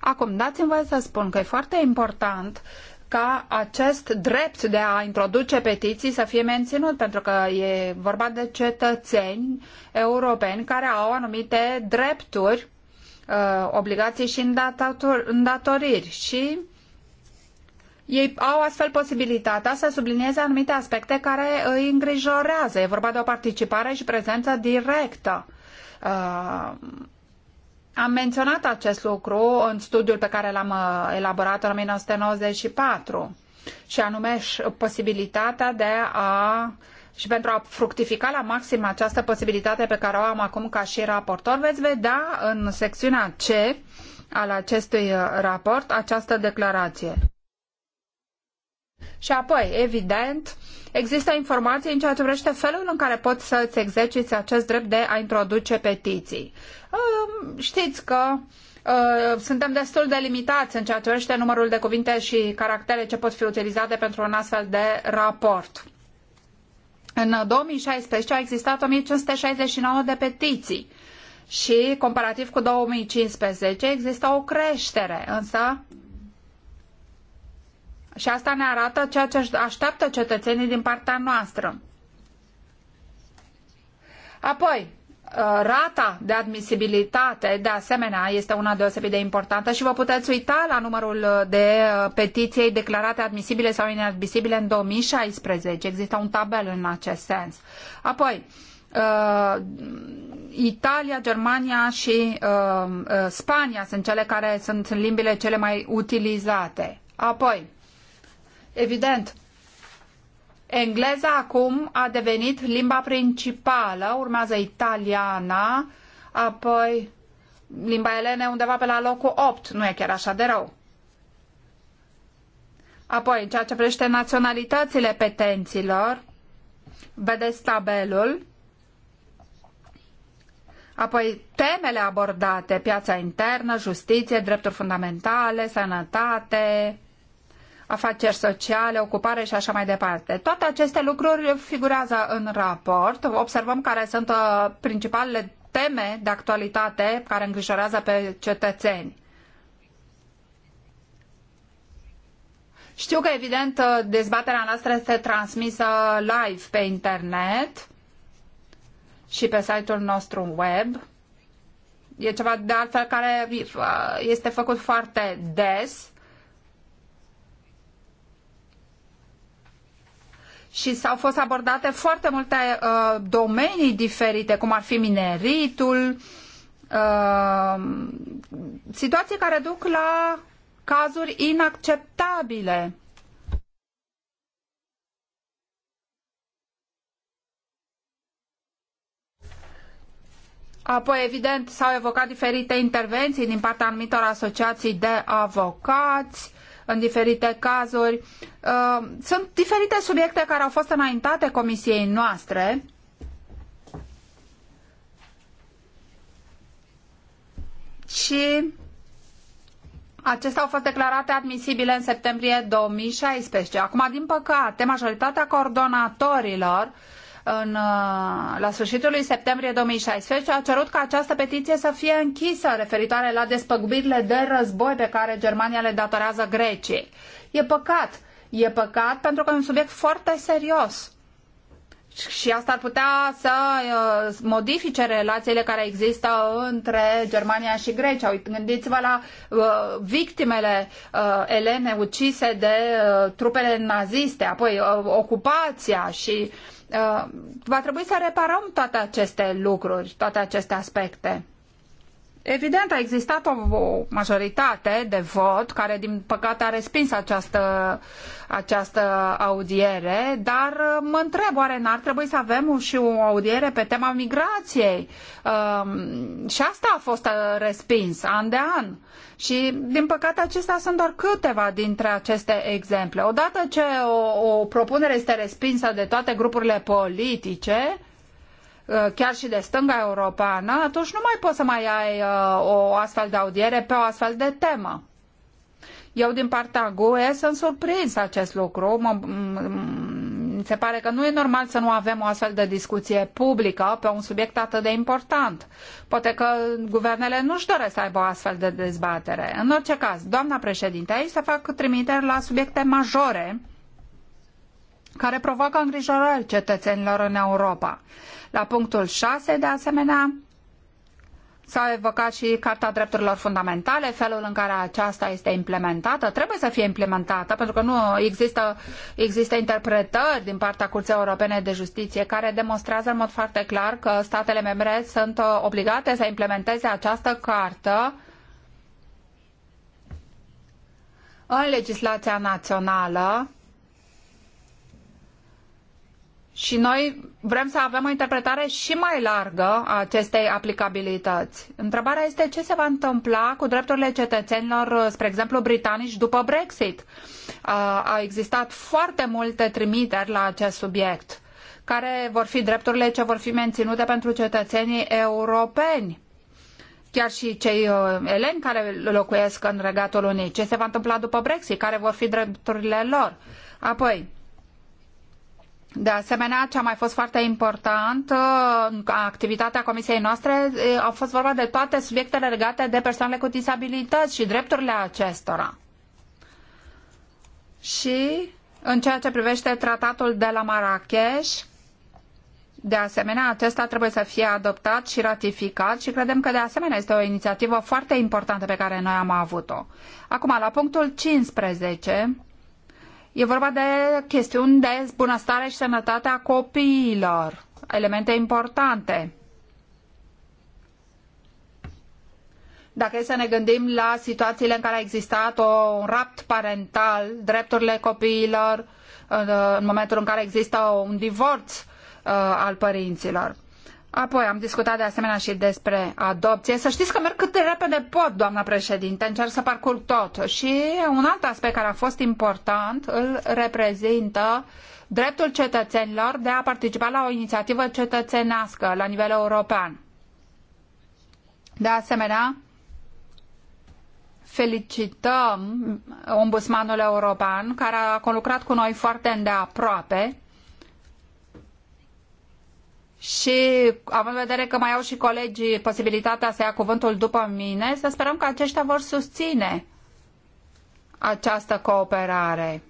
Acum, dați-mi voie să spun că e foarte important ca acest drept de a introduce petiții să fie menținut, pentru că e vorba de cetățeni europeni care au anumite drepturi, uh, obligații și îndatoriri și ei au astfel posibilitatea să sublinieze anumite aspecte care îi îngrijorează. E vorba de o participare și prezență directă. Uh, am menționat acest lucru în studiul pe care l-am uh, elaborat în 1994 și anume posibilitatea de a și pentru a fructifica la maxim această posibilitate pe care o am acum ca și raportor, veți vedea în secțiunea C al acestui uh, raport această declarație. Și apoi, evident, există informații în ceea ce privește felul în care poți să îți exerciți acest drept de a introduce petiții. Știți că ă, suntem destul de limitați în ceea ce privește numărul de cuvinte și caractere ce pot fi utilizate pentru un astfel de raport. În 2016 au existat 1569 de petiții și comparativ cu 2015 există o creștere, însă și asta ne arată ceea ce așteaptă cetățenii din partea noastră. Apoi, uh, rata de admisibilitate, de asemenea, este una deosebit de importantă și vă puteți uita la numărul uh, de uh, petiții declarate admisibile sau inadmisibile în 2016. Există un tabel în acest sens. Apoi, Italia, Germania și Spania sunt cele care sunt limbile cele mai utilizate. Apoi, Evident, engleza acum a devenit limba principală, urmează italiana, apoi limba elene undeva pe la locul 8, nu e chiar așa de rău. Apoi, în ceea ce privește naționalitățile petenților, vedeți tabelul, apoi temele abordate, piața internă, justiție, drepturi fundamentale, sănătate, afaceri sociale, ocupare și așa mai departe. Toate aceste lucruri figurează în raport. Observăm care sunt uh, principalele teme de actualitate care îngrijorează pe cetățeni. Știu că, evident, uh, dezbaterea noastră este transmisă live pe internet și pe site-ul nostru web. E ceva de altfel care uh, este făcut foarte des și s-au fost abordate foarte multe uh, domenii diferite, cum ar fi mineritul, uh, situații care duc la cazuri inacceptabile. Apoi, evident, s-au evocat diferite intervenții din partea anumitor asociații de avocați, în diferite cazuri. Uh, sunt diferite subiecte care au fost înaintate comisiei noastre. Și Acestea au fost declarate admisibile în septembrie 2016. Acum, din păcate, majoritatea coordonatorilor uh, în, uh, la sfârșitul lui septembrie 2016 a cerut ca această petiție să fie închisă referitoare la despăgubirile de război pe care Germania le datorează Greciei. E păcat, e păcat pentru că e un subiect foarte serios. Și asta ar putea să uh, modifice relațiile care există între Germania și Grecia. Gândiți-vă la uh, victimele elene ucise de trupele naziste, apoi uh, ocupația și Uh, va trebui să reparăm toate aceste lucruri, toate aceste aspecte. Evident, a existat o majoritate de vot care, din păcate, a respins această, această audiere, dar uh, mă întreb, oare n-ar trebui să avem și o audiere pe tema migrației? Um, și asta a fost uh, respins, an de an. Și, din păcate, acestea sunt doar câteva dintre aceste exemple. Odată ce o, o propunere este respinsă de toate grupurile politice, Uh, chiar și de stânga europeană, atunci nu mai poți să mai ai uh, o astfel de audiere pe o astfel de temă. Eu din partea GUE sunt surprins acest lucru. Mă, mi se pare că nu e normal să nu avem o astfel de discuție publică pe un subiect atât de important. Poate că guvernele nu-și doresc să aibă o astfel de dezbatere. În orice caz, doamna președinte, aici se fac trimiteri la subiecte majore care provoacă îngrijorări cetățenilor în Europa. La punctul 6, de asemenea, S-a evocat și Carta Drepturilor Fundamentale, felul în care aceasta este implementată. Trebuie să fie implementată, pentru că nu există, există interpretări din partea Curții Europene de Justiție care demonstrează în mod foarte clar că statele membre sunt uh, obligate să implementeze această cartă în legislația națională și noi vrem să avem o interpretare și mai largă a acestei aplicabilități. Întrebarea este ce se va întâmpla cu drepturile cetățenilor, spre exemplu, britanici după Brexit. Au existat foarte multe trimiteri la acest subiect, care vor fi drepturile ce vor fi menținute pentru cetățenii europeni chiar și cei uh, eleni care locuiesc în Regatul Unit. Ce se va întâmpla după Brexit? Care vor fi drepturile lor? Apoi, de asemenea, ce a mai fost foarte important uh, în activitatea comisiei noastre uh, a fost vorba de toate subiectele legate de persoanele cu disabilități și drepturile acestora. Și în ceea ce privește tratatul de la Marrakech, de asemenea, acesta trebuie să fie adoptat și ratificat și credem că de asemenea este o inițiativă foarte importantă pe care noi am avut-o. Acum, la punctul 15, E vorba de chestiuni de bunăstare și sănătate a copiilor, elemente importante. Dacă e să ne gândim la situațiile în care a existat o, un rapt parental, drepturile copiilor, în momentul în care există un divorț uh, al părinților. Apoi am discutat de asemenea și despre adopție. Să știți că merg cât de repede pot, doamna președinte, încerc să parcurg tot. Și un alt aspect care a fost important îl reprezintă dreptul cetățenilor de a participa la o inițiativă cetățenească la nivel european. De asemenea, felicităm ombudsmanul european care a conlucrat cu noi foarte îndeaproape și având în vedere că mai au și colegii posibilitatea să ia cuvântul după mine, să sperăm că aceștia vor susține această cooperare.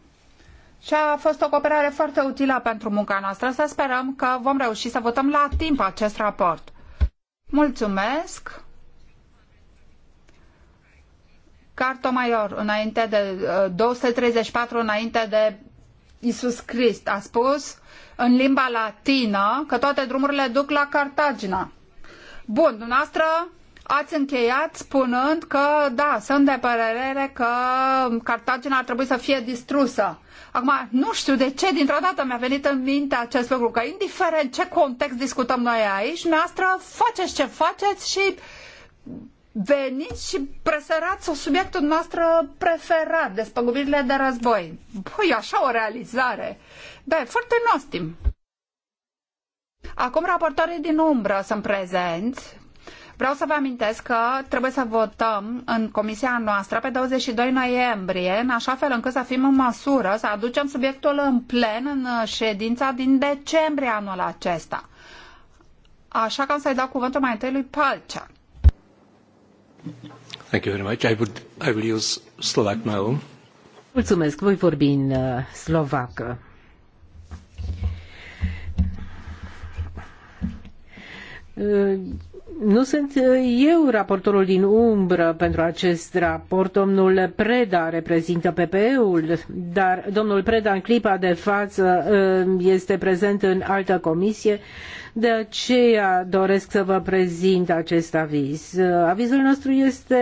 Și a fost o cooperare foarte utilă pentru munca noastră. Să sperăm că vom reuși să votăm la timp acest raport. Mulțumesc! Cartomaior, înainte de 234, uh, înainte de Isus Crist, a spus în limba latină că toate drumurile duc la Cartagina. Bun, dumneavoastră ați încheiat spunând că, da, sunt de părere că Cartagina ar trebui să fie distrusă. Acum, nu știu de ce, dintr-o dată mi-a venit în minte acest lucru, că indiferent ce context discutăm noi aici, noastră faceți ce faceți și veniți și presărați subiectul noastră preferat, despăgubirile de război. Păi, așa o realizare. Da, e foarte nostim. Acum raportorii din umbră sunt prezenți. Vreau să vă amintesc că trebuie să votăm în comisia noastră pe 22 noiembrie, în așa fel încât să fim în măsură să aducem subiectul în plen în uh, ședința din decembrie anul acesta. Așa că am să-i dau cuvântul mai întâi lui Palcea. Thank you very much. I would, I will use Slovak now. Mulțumesc, voi vorbi în uh, slovacă. Nu sunt eu raportorul din umbră pentru acest raport. Domnul Preda reprezintă PPE-ul, dar domnul Preda în clipa de față uh, este prezent în altă comisie, de aceea doresc să vă prezint acest aviz. Uh, avizul nostru este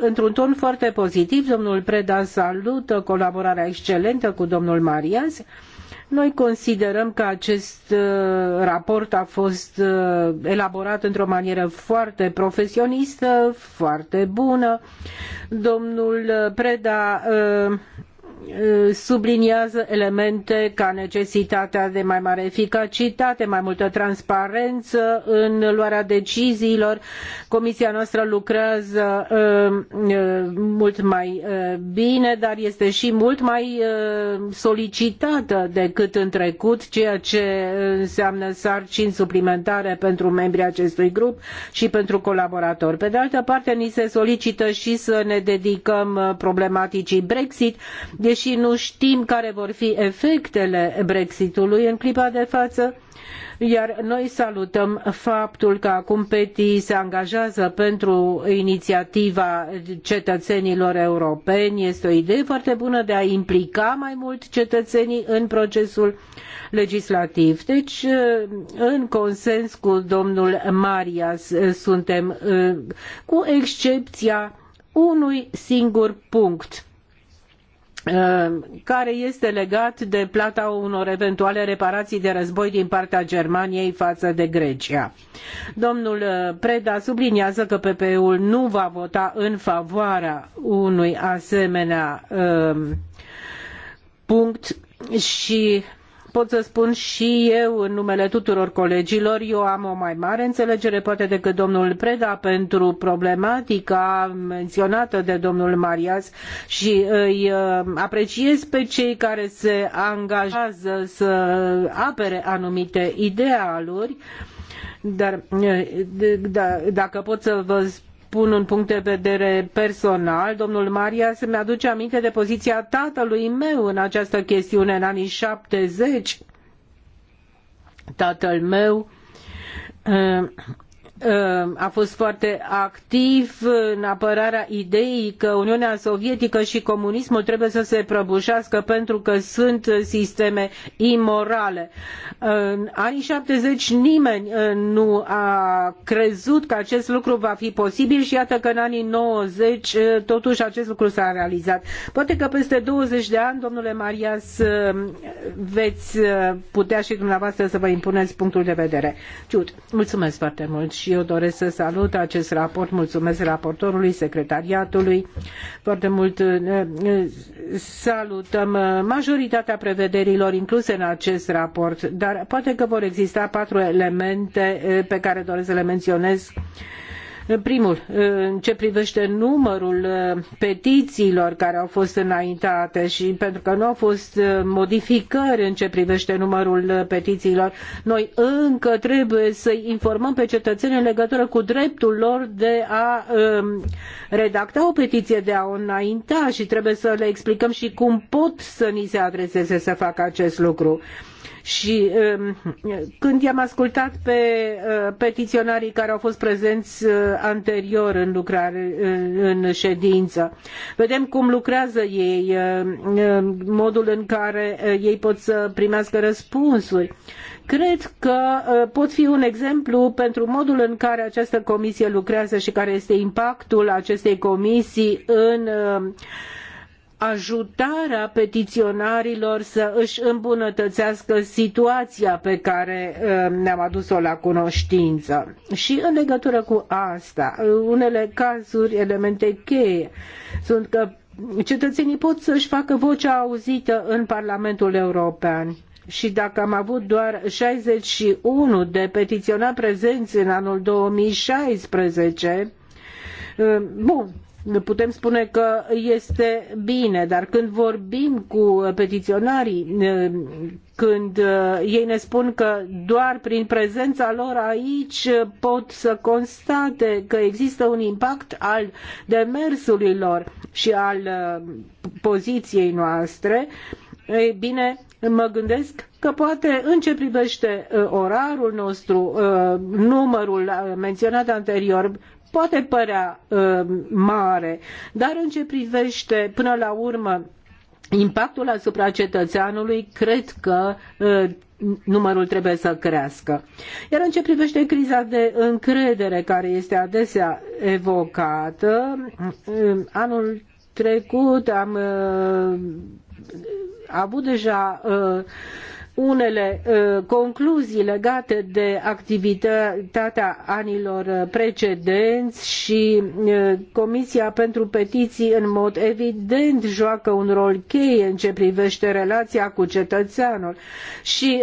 într-un ton foarte pozitiv. Domnul Preda salută colaborarea excelentă cu domnul Marias noi considerăm că acest uh, raport a fost uh, elaborat într-o manieră foarte profesionistă, foarte bună. Domnul uh, Preda Eh, subliniază elemente ca necesitatea de mai mare eficacitate, mai multă transparență în luarea deciziilor. Comisia noastră lucrează eh, eh, mult mai bine, dar este și mult mai solicitată decât în trecut, ceea ce înseamnă sarcini suplimentare pentru membrii acestui grup și pentru colaboratori. Pe de altă parte, ni se solicită și să ne dedicăm problematicii Brexit deși nu știm care vor fi efectele Brexitului în clipa de față, iar noi salutăm faptul că acum PETI se angajează pentru inițiativa cetățenilor europeni. Este o idee foarte bună de a implica mai mult cetățenii în procesul legislativ. Deci, în consens cu domnul Marias, suntem eh, cu excepția unui singur punct Uh, care este legat de plata unor eventuale reparații de război din partea Germaniei față de Grecia. Domnul uh, Preda subliniază că PPE-ul nu va vota în favoarea unui asemenea uh, punct și pot să spun și eu în numele tuturor colegilor, eu am o mai mare înțelegere poate decât domnul Preda pentru problematica menționată de domnul Marias și îi uh, apreciez pe cei care se angajează să apere anumite idealuri. Dar uh, dacă pot să vă spun un punct de vedere personal. Domnul Marias îmi aduce aminte de poziția tatălui meu în această chestiune în anii 70. Tatăl meu eh, Ehm, a fost foarte activ în apărarea ideii că Uniunea Sovietică și comunismul trebuie să se prăbușească pentru că sunt sisteme imorale. În anii 70 nimeni eh, nu a crezut că acest lucru va fi posibil și iată că în anii 90 eh, totuși acest lucru s-a realizat. Poate că peste 20 de ani, domnule Marias, eh, veți putea și dumneavoastră să vă impuneți punctul de vedere. Ciut, mulțumesc foarte mult și eu doresc să salut acest raport. Mulțumesc raportorului, secretariatului. Foarte mult salutăm majoritatea prevederilor incluse în acest raport, dar poate că vor exista patru elemente eh, pe care doresc să le menționez Primul, în ce privește numărul uh, petițiilor care au fost înaintate și pentru că nu au fost uh, modificări în ce privește numărul uh, petițiilor, noi încă trebuie să informăm pe cetățeni în legătură cu dreptul lor de a um, redacta o petiție, de a o înainta și trebuie să le explicăm și cum pot să ni se adreseze să facă acest lucru. Și um, când i-am ascultat pe uh, petiționarii care au fost prezenți uh, anterior în lucrare, uh, în ședință, vedem cum lucrează ei, modul în care ei pot să primească răspunsuri. Cred că pot fi un exemplu pentru modul în care această comisie lucrează și care este impactul acestei comisii în ajutarea petiționarilor să își îmbunătățească situația pe care uh, ne-am adus-o la cunoștință. Și în legătură cu asta, unele cazuri, elemente cheie, sunt că cetățenii pot să-și facă vocea auzită în Parlamentul European. Și dacă am avut doar 61 de petiționari prezenți în anul 2016, uh, Bun, putem spune că este bine, dar când vorbim cu petiționarii, când eh, ei ne spun că doar prin prezența lor aici pot să constate că există un impact al demersului lor și al eh, poziției noastre, ei bine, mă gândesc că poate în ce privește eh, orarul nostru, numărul menționat anterior, poate părea uh, mare, dar în ce privește până la urmă impactul asupra cetățeanului, cred că uh, numărul trebuie să crească. Iar în ce privește criza de încredere care este adesea evocată, uh, anul trecut am avut deja unele uh, concluzii legate de activitatea anilor uh, precedenți și uh, Comisia pentru Petiții în mod evident joacă un rol cheie în ce privește relația cu cetățeanul. Și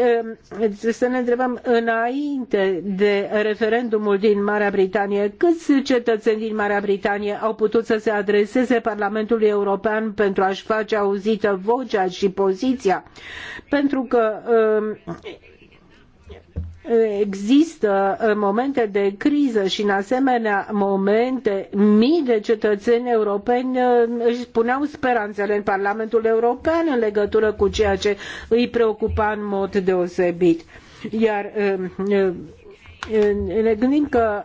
să ne întrebăm înainte de referendumul din Marea Britanie, câți cetățeni din Marea Britanie au putut să se adreseze Parlamentului European pentru a-și face auzită vocea și poziția? Pentru că Um, există uh, momente de criză și în asemenea momente mii de cetățeni europeni uh, își puneau speranțele în Parlamentul European în legătură cu ceea ce îi preocupa în mod deosebit. Iar um, uh, ne gândim că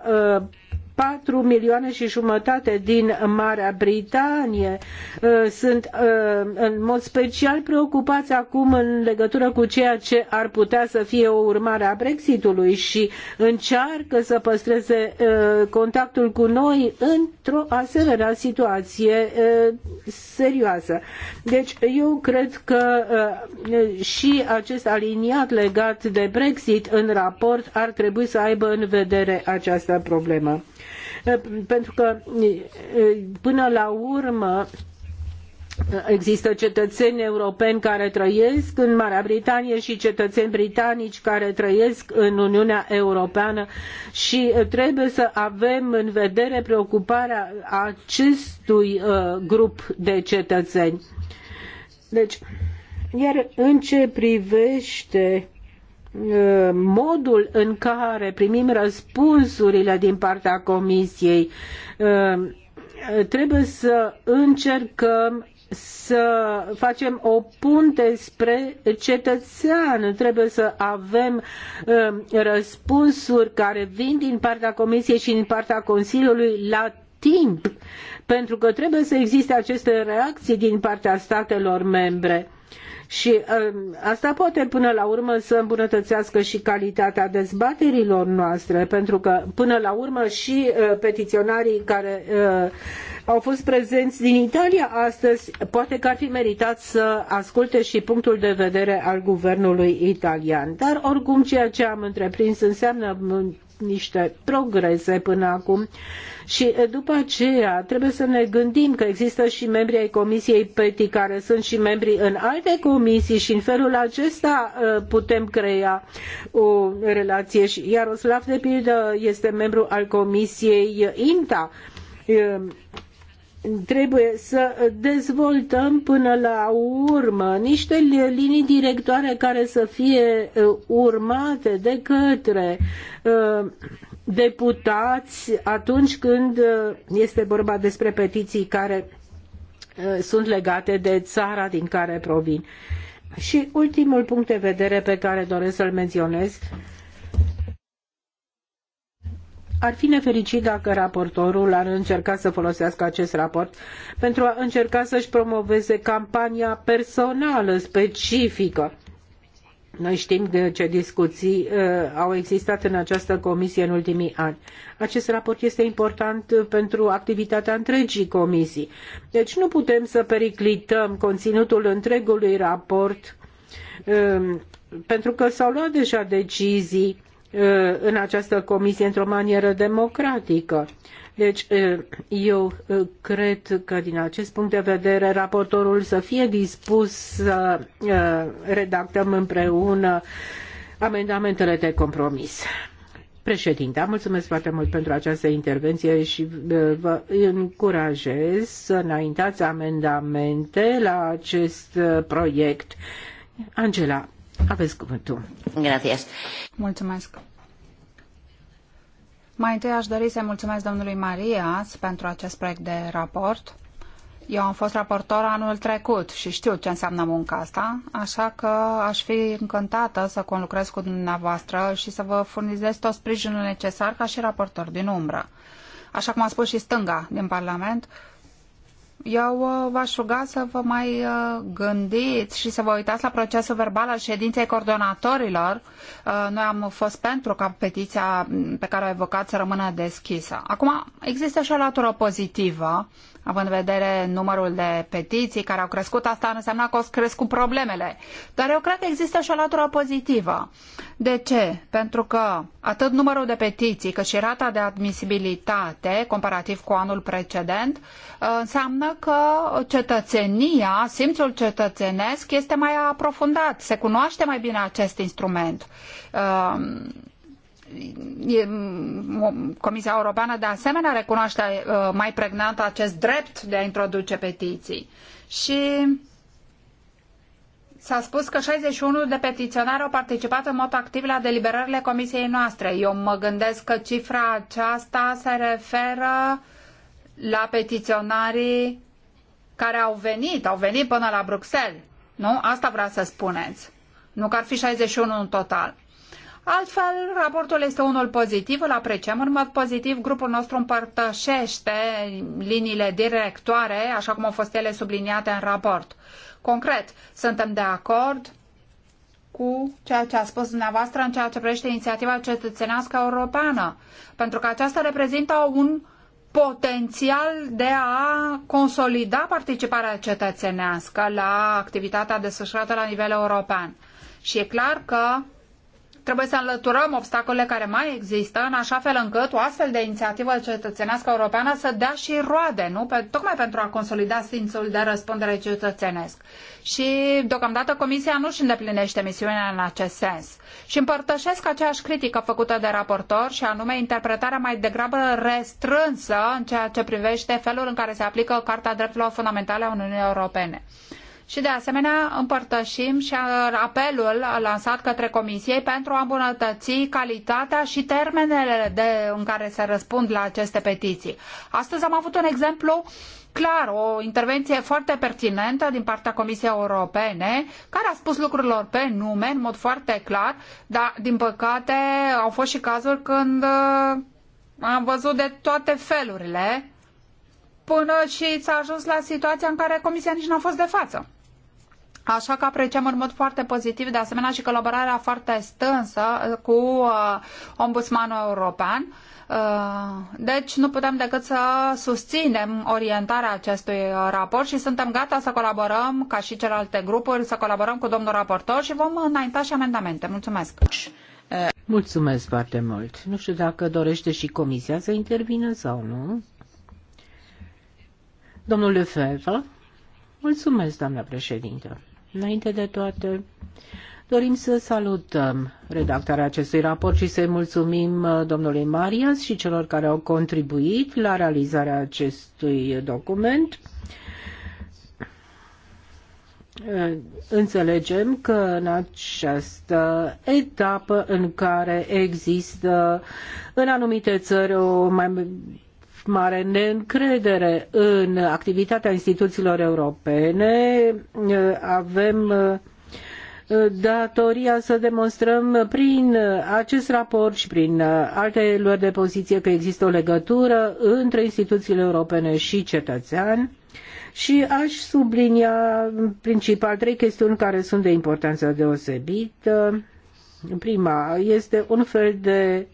4 milioane și jumătate din Marea Britanie uh, sunt uh, în mod special preocupați acum în legătură cu ceea ce ar putea să fie o urmare a Brexitului și încearcă să păstreze uh, contactul cu noi într-o asemenea situație serioasă. Deci eu cred că și acest aliniat legat de Brexit în raport ar trebui să aibă în vedere această problemă pentru că până la urmă Există cetățeni europeni care trăiesc în Marea Britanie și cetățeni britanici care trăiesc în Uniunea Europeană și trebuie să avem în vedere preocuparea acestui grup de cetățeni. Deci, iar în ce privește modul în care primim răspunsurile din partea Comisiei. Ehm, trebuie să încercăm să facem o punte spre cetățean. Trebuie să avem ehm, răspunsuri care vin din partea Comisiei și din partea Consiliului la timp, pentru că trebuie să existe aceste reacții din partea statelor membre și um, asta poate până la urmă să îmbunătățească și calitatea dezbaterilor noastre, pentru că până la urmă și uh, petiționarii care uh, au fost prezenți din Italia astăzi, poate că ar fi meritat să asculte și punctul de vedere al guvernului italian. Dar oricum ceea ce am întreprins înseamnă niște progrese până acum și eh, după aceea trebuie să ne gândim că există și membri ai Comisiei PETI care sunt și membri în alte comisii și în felul acesta eh, putem crea o relație și Iaroslav de pildă este membru al Comisiei INTA eh, trebuie să dezvoltăm până la urmă niște linii directoare care să fie uh, urmate de către uh, deputați atunci când uh, este vorba despre petiții care sunt legate de țara din care provin. Și ultimul punct de vedere pe care doresc să-l menționez ar fi nefericit dacă raportorul ar încerca să folosească acest raport pentru a încerca să-și promoveze campania personală specifică. Noi știm ce discuții uh, au existat în această comisie în ultimii ani. Acest raport este important pentru activitatea întregii comisii. Deci nu putem să periclităm conținutul întregului raport uh, pentru că s-au luat deja decizii Uh, în această comisie într-o manieră democratică. Deci, uh, eu uh, cred că din acest punct de vedere raportorul să fie dispus să redactăm împreună amendamentele de compromis. Președinte, mulțumesc foarte mult pentru această intervenție și vă încurajez să înaintați amendamente la acest proiect. Angela, aveți cuvântul. Gracias. Mulțumesc. Mai întâi aș dori să-i mulțumesc domnului Marias pentru acest proiect de raport. Eu am fost raportor anul trecut și știu ce înseamnă munca asta, așa că aș fi încântată să conlucrez cu dumneavoastră și să vă furnizez tot sprijinul necesar ca și raportor din umbră. Așa cum a spus și stânga din Parlament, uh, eu uh, v-aș ruga să vă mai uh, gândiți și să vă uitați la procesul verbal al ședinței coordonatorilor. Uh, noi am fost pentru ca petiția mm, pe care o evocați să rămână deschisă. Acum, există și o latură pozitivă având în vedere numărul de petiții care au crescut, asta înseamnă că au crescut problemele. Dar eu cred că există și o latură pozitivă. De ce? Pentru că atât numărul de petiții, cât și rata de admisibilitate comparativ cu anul precedent, uh, înseamnă că cetățenia, simțul cetățenesc este mai aprofundat, se cunoaște mai bine acest instrument uh, Comisia Europeană de asemenea recunoaște uh, mai pregnant acest drept de a introduce petiții. Și S-a spus că 61 de petiționari au participat în mod activ la deliberările comisiei noastre. Eu mă gândesc că cifra aceasta se referă la petiționarii care au venit, au venit până la Bruxelles. Nu? Asta vrea să spuneți. Nu că ar fi 61 în total. Altfel, raportul este unul pozitiv, îl apreciem în mod pozitiv. Grupul nostru împărtășește liniile directoare, așa cum au fost ele subliniate în raport. Concret, suntem de acord cu ceea ce a spus dumneavoastră în ceea ce privește inițiativa cetățenească europeană, pentru că aceasta reprezintă un potențial de a consolida participarea cetățenească la activitatea desfășurată la nivel european. Și e clar că Trebuie să înlăturăm obstacolele care mai există, în așa fel încât o astfel de inițiativă cetățenească europeană să dea și roade, nu? Pe, tocmai pentru a consolida simțul de răspundere cetățenesc. Și, deocamdată, Comisia nu își îndeplinește misiunea în acest sens. Și împărtășesc aceeași critică făcută de raportor, și anume interpretarea mai degrabă restrânsă în ceea ce privește felul în care se aplică Carta Drepturilor Fundamentale a Uniunii Europene. Și de asemenea împărtășim și apelul lansat către Comisie pentru a îmbunătăți calitatea și termenele de, în care se răspund la aceste petiții. Astăzi am avut un exemplu clar, o intervenție foarte pertinentă din partea Comisiei Europene, care a spus lucrurilor pe nume, în mod foarte clar, dar, din păcate, au fost și cazuri când uh, am văzut de toate felurile până și s-a ajuns la situația în care comisia nici nu a fost de față. Așa că apreciem în mod foarte pozitiv, de asemenea, și colaborarea foarte stânsă cu uh, Ombudsmanul European. Uh, deci nu putem decât să susținem orientarea acestui uh, raport și suntem gata să colaborăm, ca și celelalte grupuri, să colaborăm cu domnul raportor și vom înainta și amendamente. Mulțumesc! Mulțumesc foarte mult! Nu știu dacă dorește și comisia să intervină sau nu. Domnul Lefebvre, mulțumesc, doamna președintă. Înainte de toate, dorim să salutăm redactarea acestui raport și să-i mulțumim uh, domnului Marias și celor care au contribuit la realizarea acestui document. Uh, înțelegem că în această etapă în care există în anumite țări o mai mare neîncredere în activitatea instituțiilor europene. Avem uh, datoria să demonstrăm prin acest raport și prin alte luări de poziție că există o legătură între instituțiile europene și cetățean. Și aș sublinia principal trei chestiuni care sunt de importanță deosebită. Prima este un fel de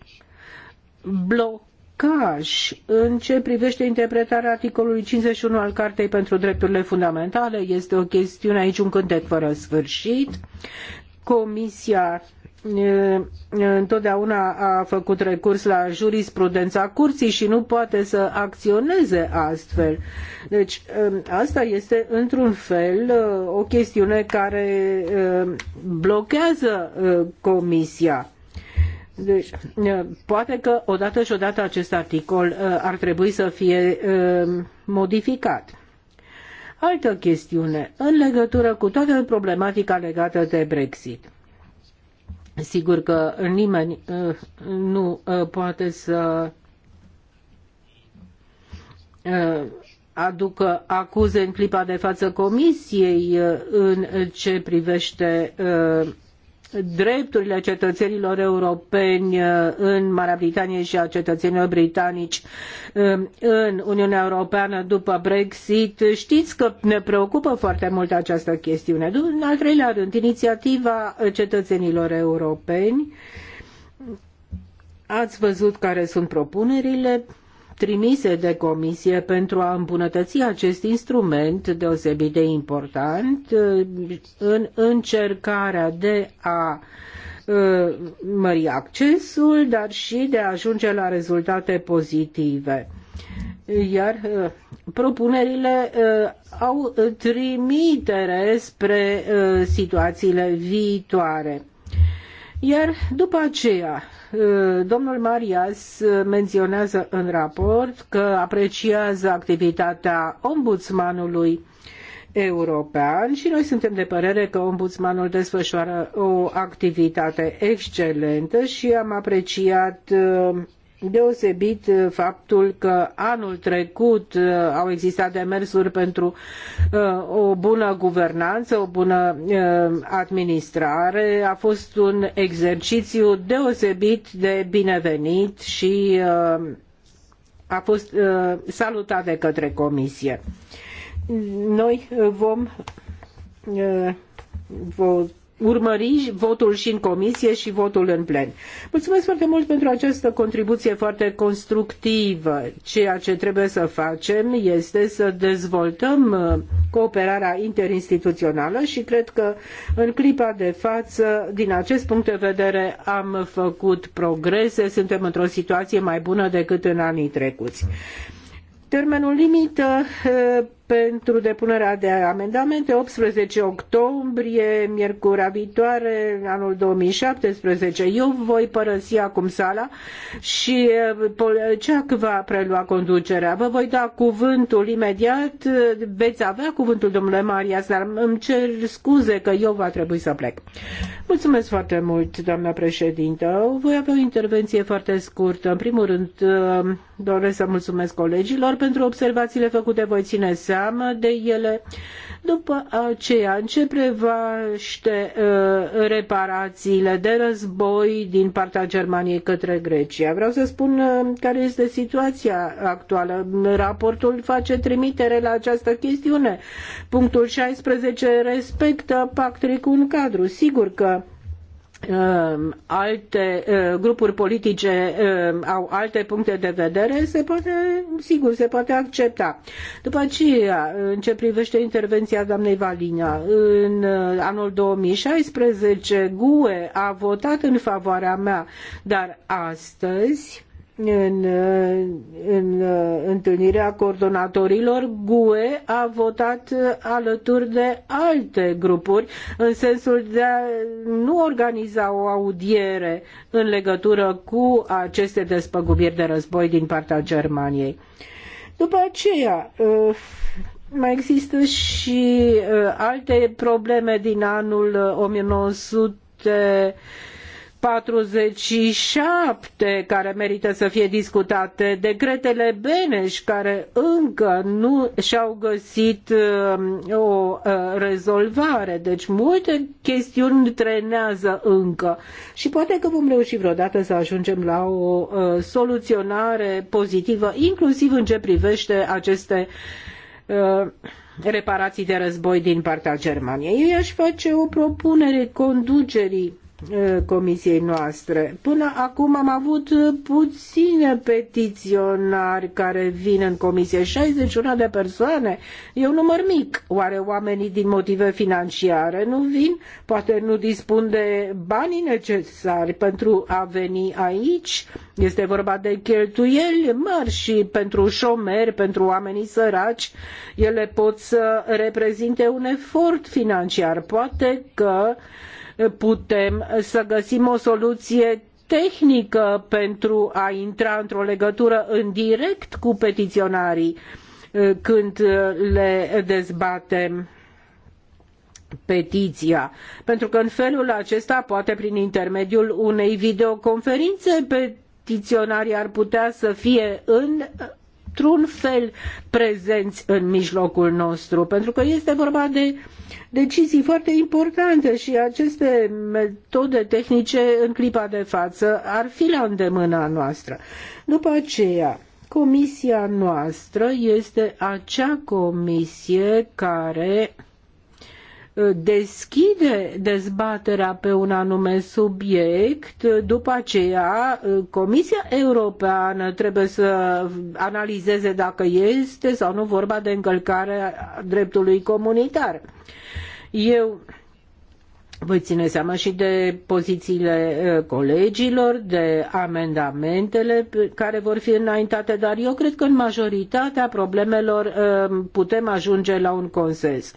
bloc blocaj în ce privește interpretarea articolului 51 al Cartei pentru Drepturile Fundamentale. Este o chestiune aici un cântec fără sfârșit. Comisia întotdeauna a făcut recurs la jurisprudența curții și nu poate să acționeze astfel. Deci asta este într-un fel o chestiune care blochează comisia. Deci, poate că odată și odată acest articol ar trebui să fie modificat. Altă chestiune, în legătură cu toată problematica legată de Brexit. Sigur că nimeni nu poate să aducă acuze în clipa de față comisiei în ce privește drepturile cetățenilor europeni uh, în Marea Britanie și a cetățenilor britanici um, în Uniunea Europeană după Brexit. Știți că ne preocupă foarte mult această chestiune. În al treilea rând, inițiativa cetățenilor europeni. Ați văzut care sunt propunerile trimise de comisie pentru a îmbunătăți acest instrument deosebit de important uh, în încercarea de a uh, mări accesul, dar și de a ajunge la rezultate pozitive. Iar uh, propunerile au trimitere spre situațiile viitoare. Iar după aceea, Eh, domnul Marias menționează în raport că apreciază activitatea ombudsmanului european și noi suntem de părere că ombudsmanul desfășoară o activitate excelentă și am apreciat eh, deosebit uh, faptul că anul trecut uh, au existat demersuri pentru uh, o bună guvernanță, o bună administrare. A fost un exercițiu deosebit de binevenit și a fost salutat de către comisie. Noi vom vota urmări votul și în comisie și votul în plen. Mulțumesc foarte mult pentru această contribuție foarte constructivă. Ceea ce trebuie să facem este să dezvoltăm uh, cooperarea interinstituțională și cred că în clipa de față, din acest punct de vedere, am făcut progrese, suntem într-o situație mai bună decât în anii trecuți. Termenul limită uh, pentru depunerea de amendamente 18 octombrie, miercurea viitoare, anul 2017. Eu voi părăsi acum sala și Polceac eh, va prelua conducerea. Vă voi da cuvântul imediat, veți avea cuvântul domnule Marias, dar îmi cer scuze că eu va trebui să plec. Mulțumesc foarte mult, doamna președintă. Voi avea o intervenție foarte scurtă. În primul rând, eh, doresc să mulțumesc colegilor pentru observațiile făcute. Voi ține seama teamă de ele. După aceea, în ce prevaște uh, reparațiile de război din partea Germaniei către Grecia? Vreau să spun uh, care este situația actuală. Raportul face trimitere la această chestiune. Punctul 16 respectă pactul cu un cadru. Sigur că Ehm, alte ehm, grupuri politice ehm, au alte puncte de vedere, se poate, sigur, se poate accepta. După aceea, în ce privește intervenția doamnei Valina, în eh, anul 2016, GUE a votat în favoarea mea, dar astăzi în, în întâlnirea coordonatorilor, GUE a votat alături de alte grupuri în sensul de a nu organiza o audiere în legătură cu aceste despăgubiri de război din partea Germaniei. După aceea, mai există și uh, alte probleme din anul 1900 uh, 47 care merită să fie discutate, decretele Beneș care încă nu și-au găsit um, o uh, rezolvare. Deci multe chestiuni trenează încă și poate că vom reuși vreodată să ajungem la o uh, soluționare pozitivă, inclusiv în ce privește aceste uh, reparații de război din partea Germaniei. Eu i-aș face o propunere conducerii comisiei noastre. Până acum am avut puține petiționari care vin în comisie, 61 de persoane. E un număr mic. Oare oamenii din motive financiare nu vin? Poate nu dispun de banii necesari pentru a veni aici? Este vorba de cheltuieli mari și pentru șomeri, pentru oamenii săraci. Ele pot să reprezinte un efort financiar. Poate că uh, putem să găsim o soluție tehnică pentru a intra într-o legătură în direct cu petiționarii uh, când uh, le dezbatem petiția, pentru că în felul acesta, poate prin intermediul unei videoconferințe, petiționarii ar putea să fie în într-un fel prezenți în mijlocul nostru, pentru că este vorba de decizii foarte importante și aceste metode tehnice în clipa de față ar fi la îndemâna noastră. După aceea, comisia noastră este acea comisie care deschide dezbaterea pe un anume subiect, după aceea uh, Comisia Europeană trebuie să analizeze dacă este sau nu vorba de încălcarea dreptului comunitar. Eu voi ține seama și de pozițiile eh, colegilor, de amendamentele care vor fi înaintate, dar eu cred că în majoritatea problemelor eh, putem ajunge la un consens.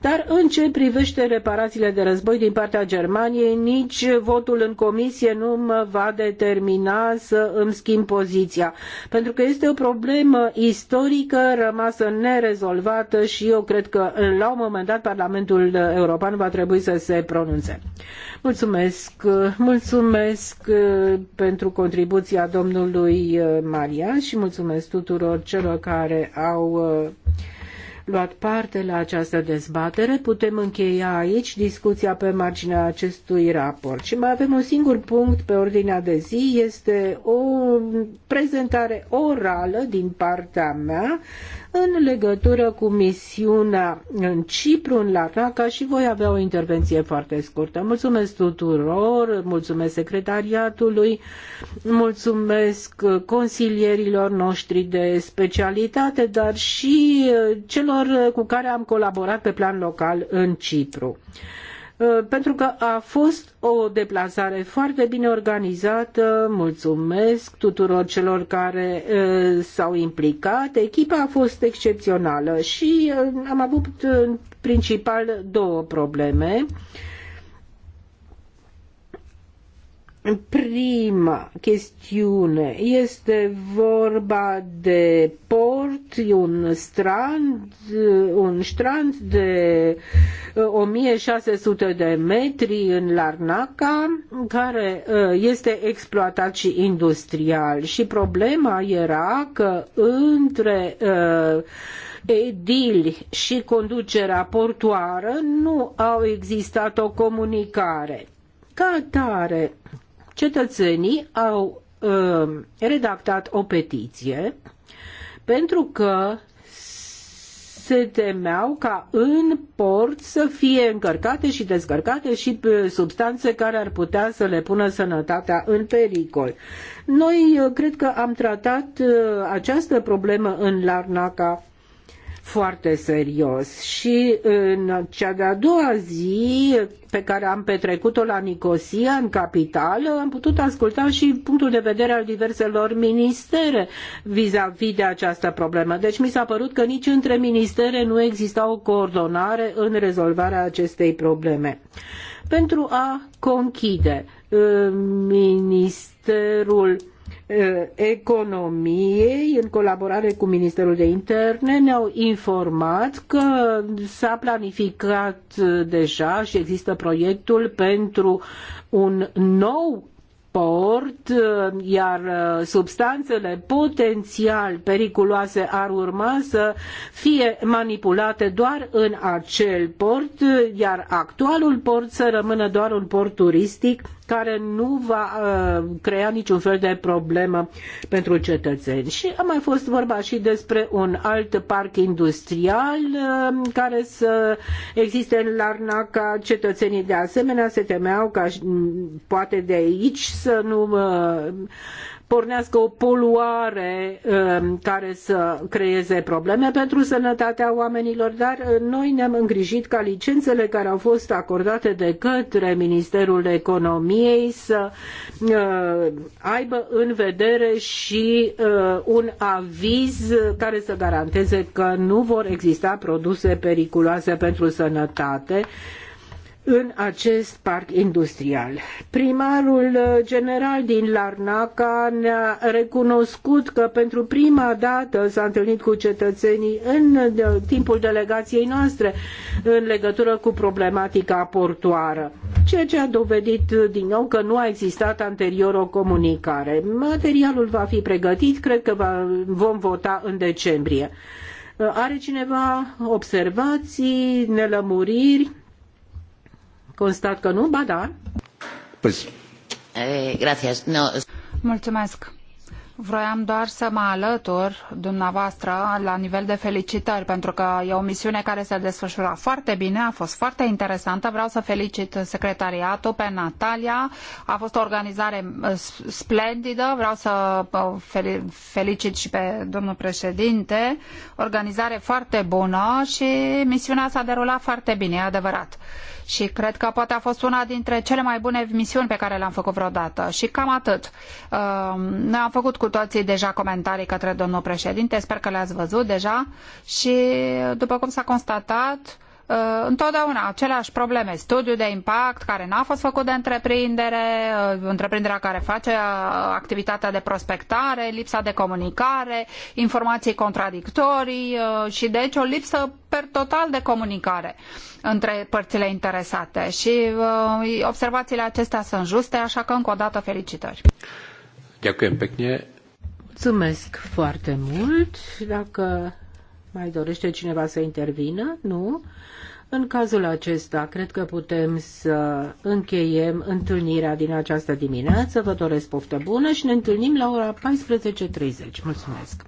Dar în ce privește reparațiile de război din partea Germaniei, nici votul în comisie nu mă va determina să îmi schimb poziția, pentru că este o problemă istorică rămasă nerezolvată și eu cred că la un moment dat Parlamentul European va trebui să se pronunțe pronunțe. Mulțumesc, mulțumesc uh, pentru contribuția domnului uh, Marian și mulțumesc tuturor celor care au uh, luat parte la această dezbatere. Putem încheia aici discuția pe marginea acestui raport. Și mai avem un singur punct pe ordinea de zi, este o prezentare orală din partea mea în legătură cu misiunea în Cipru, în Larnaca și voi avea o intervenție foarte scurtă. Mulțumesc tuturor, mulțumesc secretariatului, mulțumesc consilierilor noștri de specialitate, dar și celor cu care am colaborat pe plan local în Cipru. Uh, pentru că a fost o deplasare foarte bine organizată. Mulțumesc tuturor celor care uh, s-au implicat. Echipa a fost excepțională și uh, am avut în principal două probleme. Uh, Prima chestiune este vorba de port, un strand, un strand de 1600 uh, de metri în Larnaca, care uh, este exploatat și industrial. Și problema era că între uh, edili și conducerea portoară nu au existat o comunicare. Ca atare, cetățenii au uh, redactat o petiție pentru că se temeau ca în port să fie încărcate și descărcate și uh, substanțe care ar putea să le pună sănătatea în pericol. Noi uh, cred că am tratat uh, această problemă în Larnaca foarte serios și în cea de-a doua zi pe care am petrecut-o la Nicosia, în capitală, am putut asculta și punctul de vedere al diverselor ministere vis-a-vis -vis de această problemă. Deci mi s-a părut că nici între ministere nu exista o coordonare în rezolvarea acestei probleme. Pentru a conchide, ministerul Economiei, în colaborare cu Ministerul de Interne, ne-au informat că s-a planificat deja și există proiectul pentru un nou port, iar substanțele potențial periculoase ar urma să fie manipulate doar în acel port, iar actualul port să rămână doar un port turistic care nu va uh, crea niciun fel de problemă pentru cetățeni. Și a mai fost vorba și despre un alt parc industrial uh, care să existe în Larnaca. Cetățenii de asemenea se temeau ca mm, poate de aici să nu uh, pornească o poluare um, care să creeze probleme pentru sănătatea oamenilor, dar uh, noi ne-am îngrijit ca licențele care au fost acordate de către Ministerul Economiei să uh, aibă în vedere și uh, un aviz care să garanteze că nu vor exista produse periculoase pentru sănătate în acest parc industrial. Primarul general din Larnaca ne-a recunoscut că pentru prima dată s-a întâlnit cu cetățenii în timpul delegației noastre în legătură cu problematica portoară, ceea ce a dovedit din nou că nu a existat anterior o comunicare. Materialul va fi pregătit, cred că va, vom vota în decembrie. Are cineva observații, nelămuriri? Constat că nu, ba da. Păi. Eh, gracias. No. Mulțumesc. Vroiam doar să mă alătur dumneavoastră la nivel de felicitări, pentru că e o misiune care s-a desfășurat foarte bine, a fost foarte interesantă. Vreau să felicit secretariatul pe Natalia. A fost o organizare eh, splendidă. Vreau să eh, felicit și pe domnul președinte. Organizare foarte bună și misiunea s-a derulat foarte bine, e adevărat și cred că poate a fost una dintre cele mai bune misiuni pe care le-am făcut vreodată. Și cam atât. Um, noi am făcut cu toții deja comentarii către domnul președinte, sper că le-ați văzut deja și după cum s-a constatat, Uh, întotdeauna aceleași probleme. studiu de impact care n-a fost făcut de întreprindere, uh, întreprinderea care face uh, activitatea de prospectare, lipsa de comunicare, informații contradictorii și deci o lipsă per total de comunicare între părțile interesate. Și observațiile acestea sunt juste, așa că încă o dată felicitări. Mulțumesc foarte mult. Dacă mai dorește cineva să intervină? Nu? În cazul acesta, cred că putem să încheiem întâlnirea din această dimineață. Vă doresc poftă bună și ne întâlnim la ora 14.30. Mulțumesc!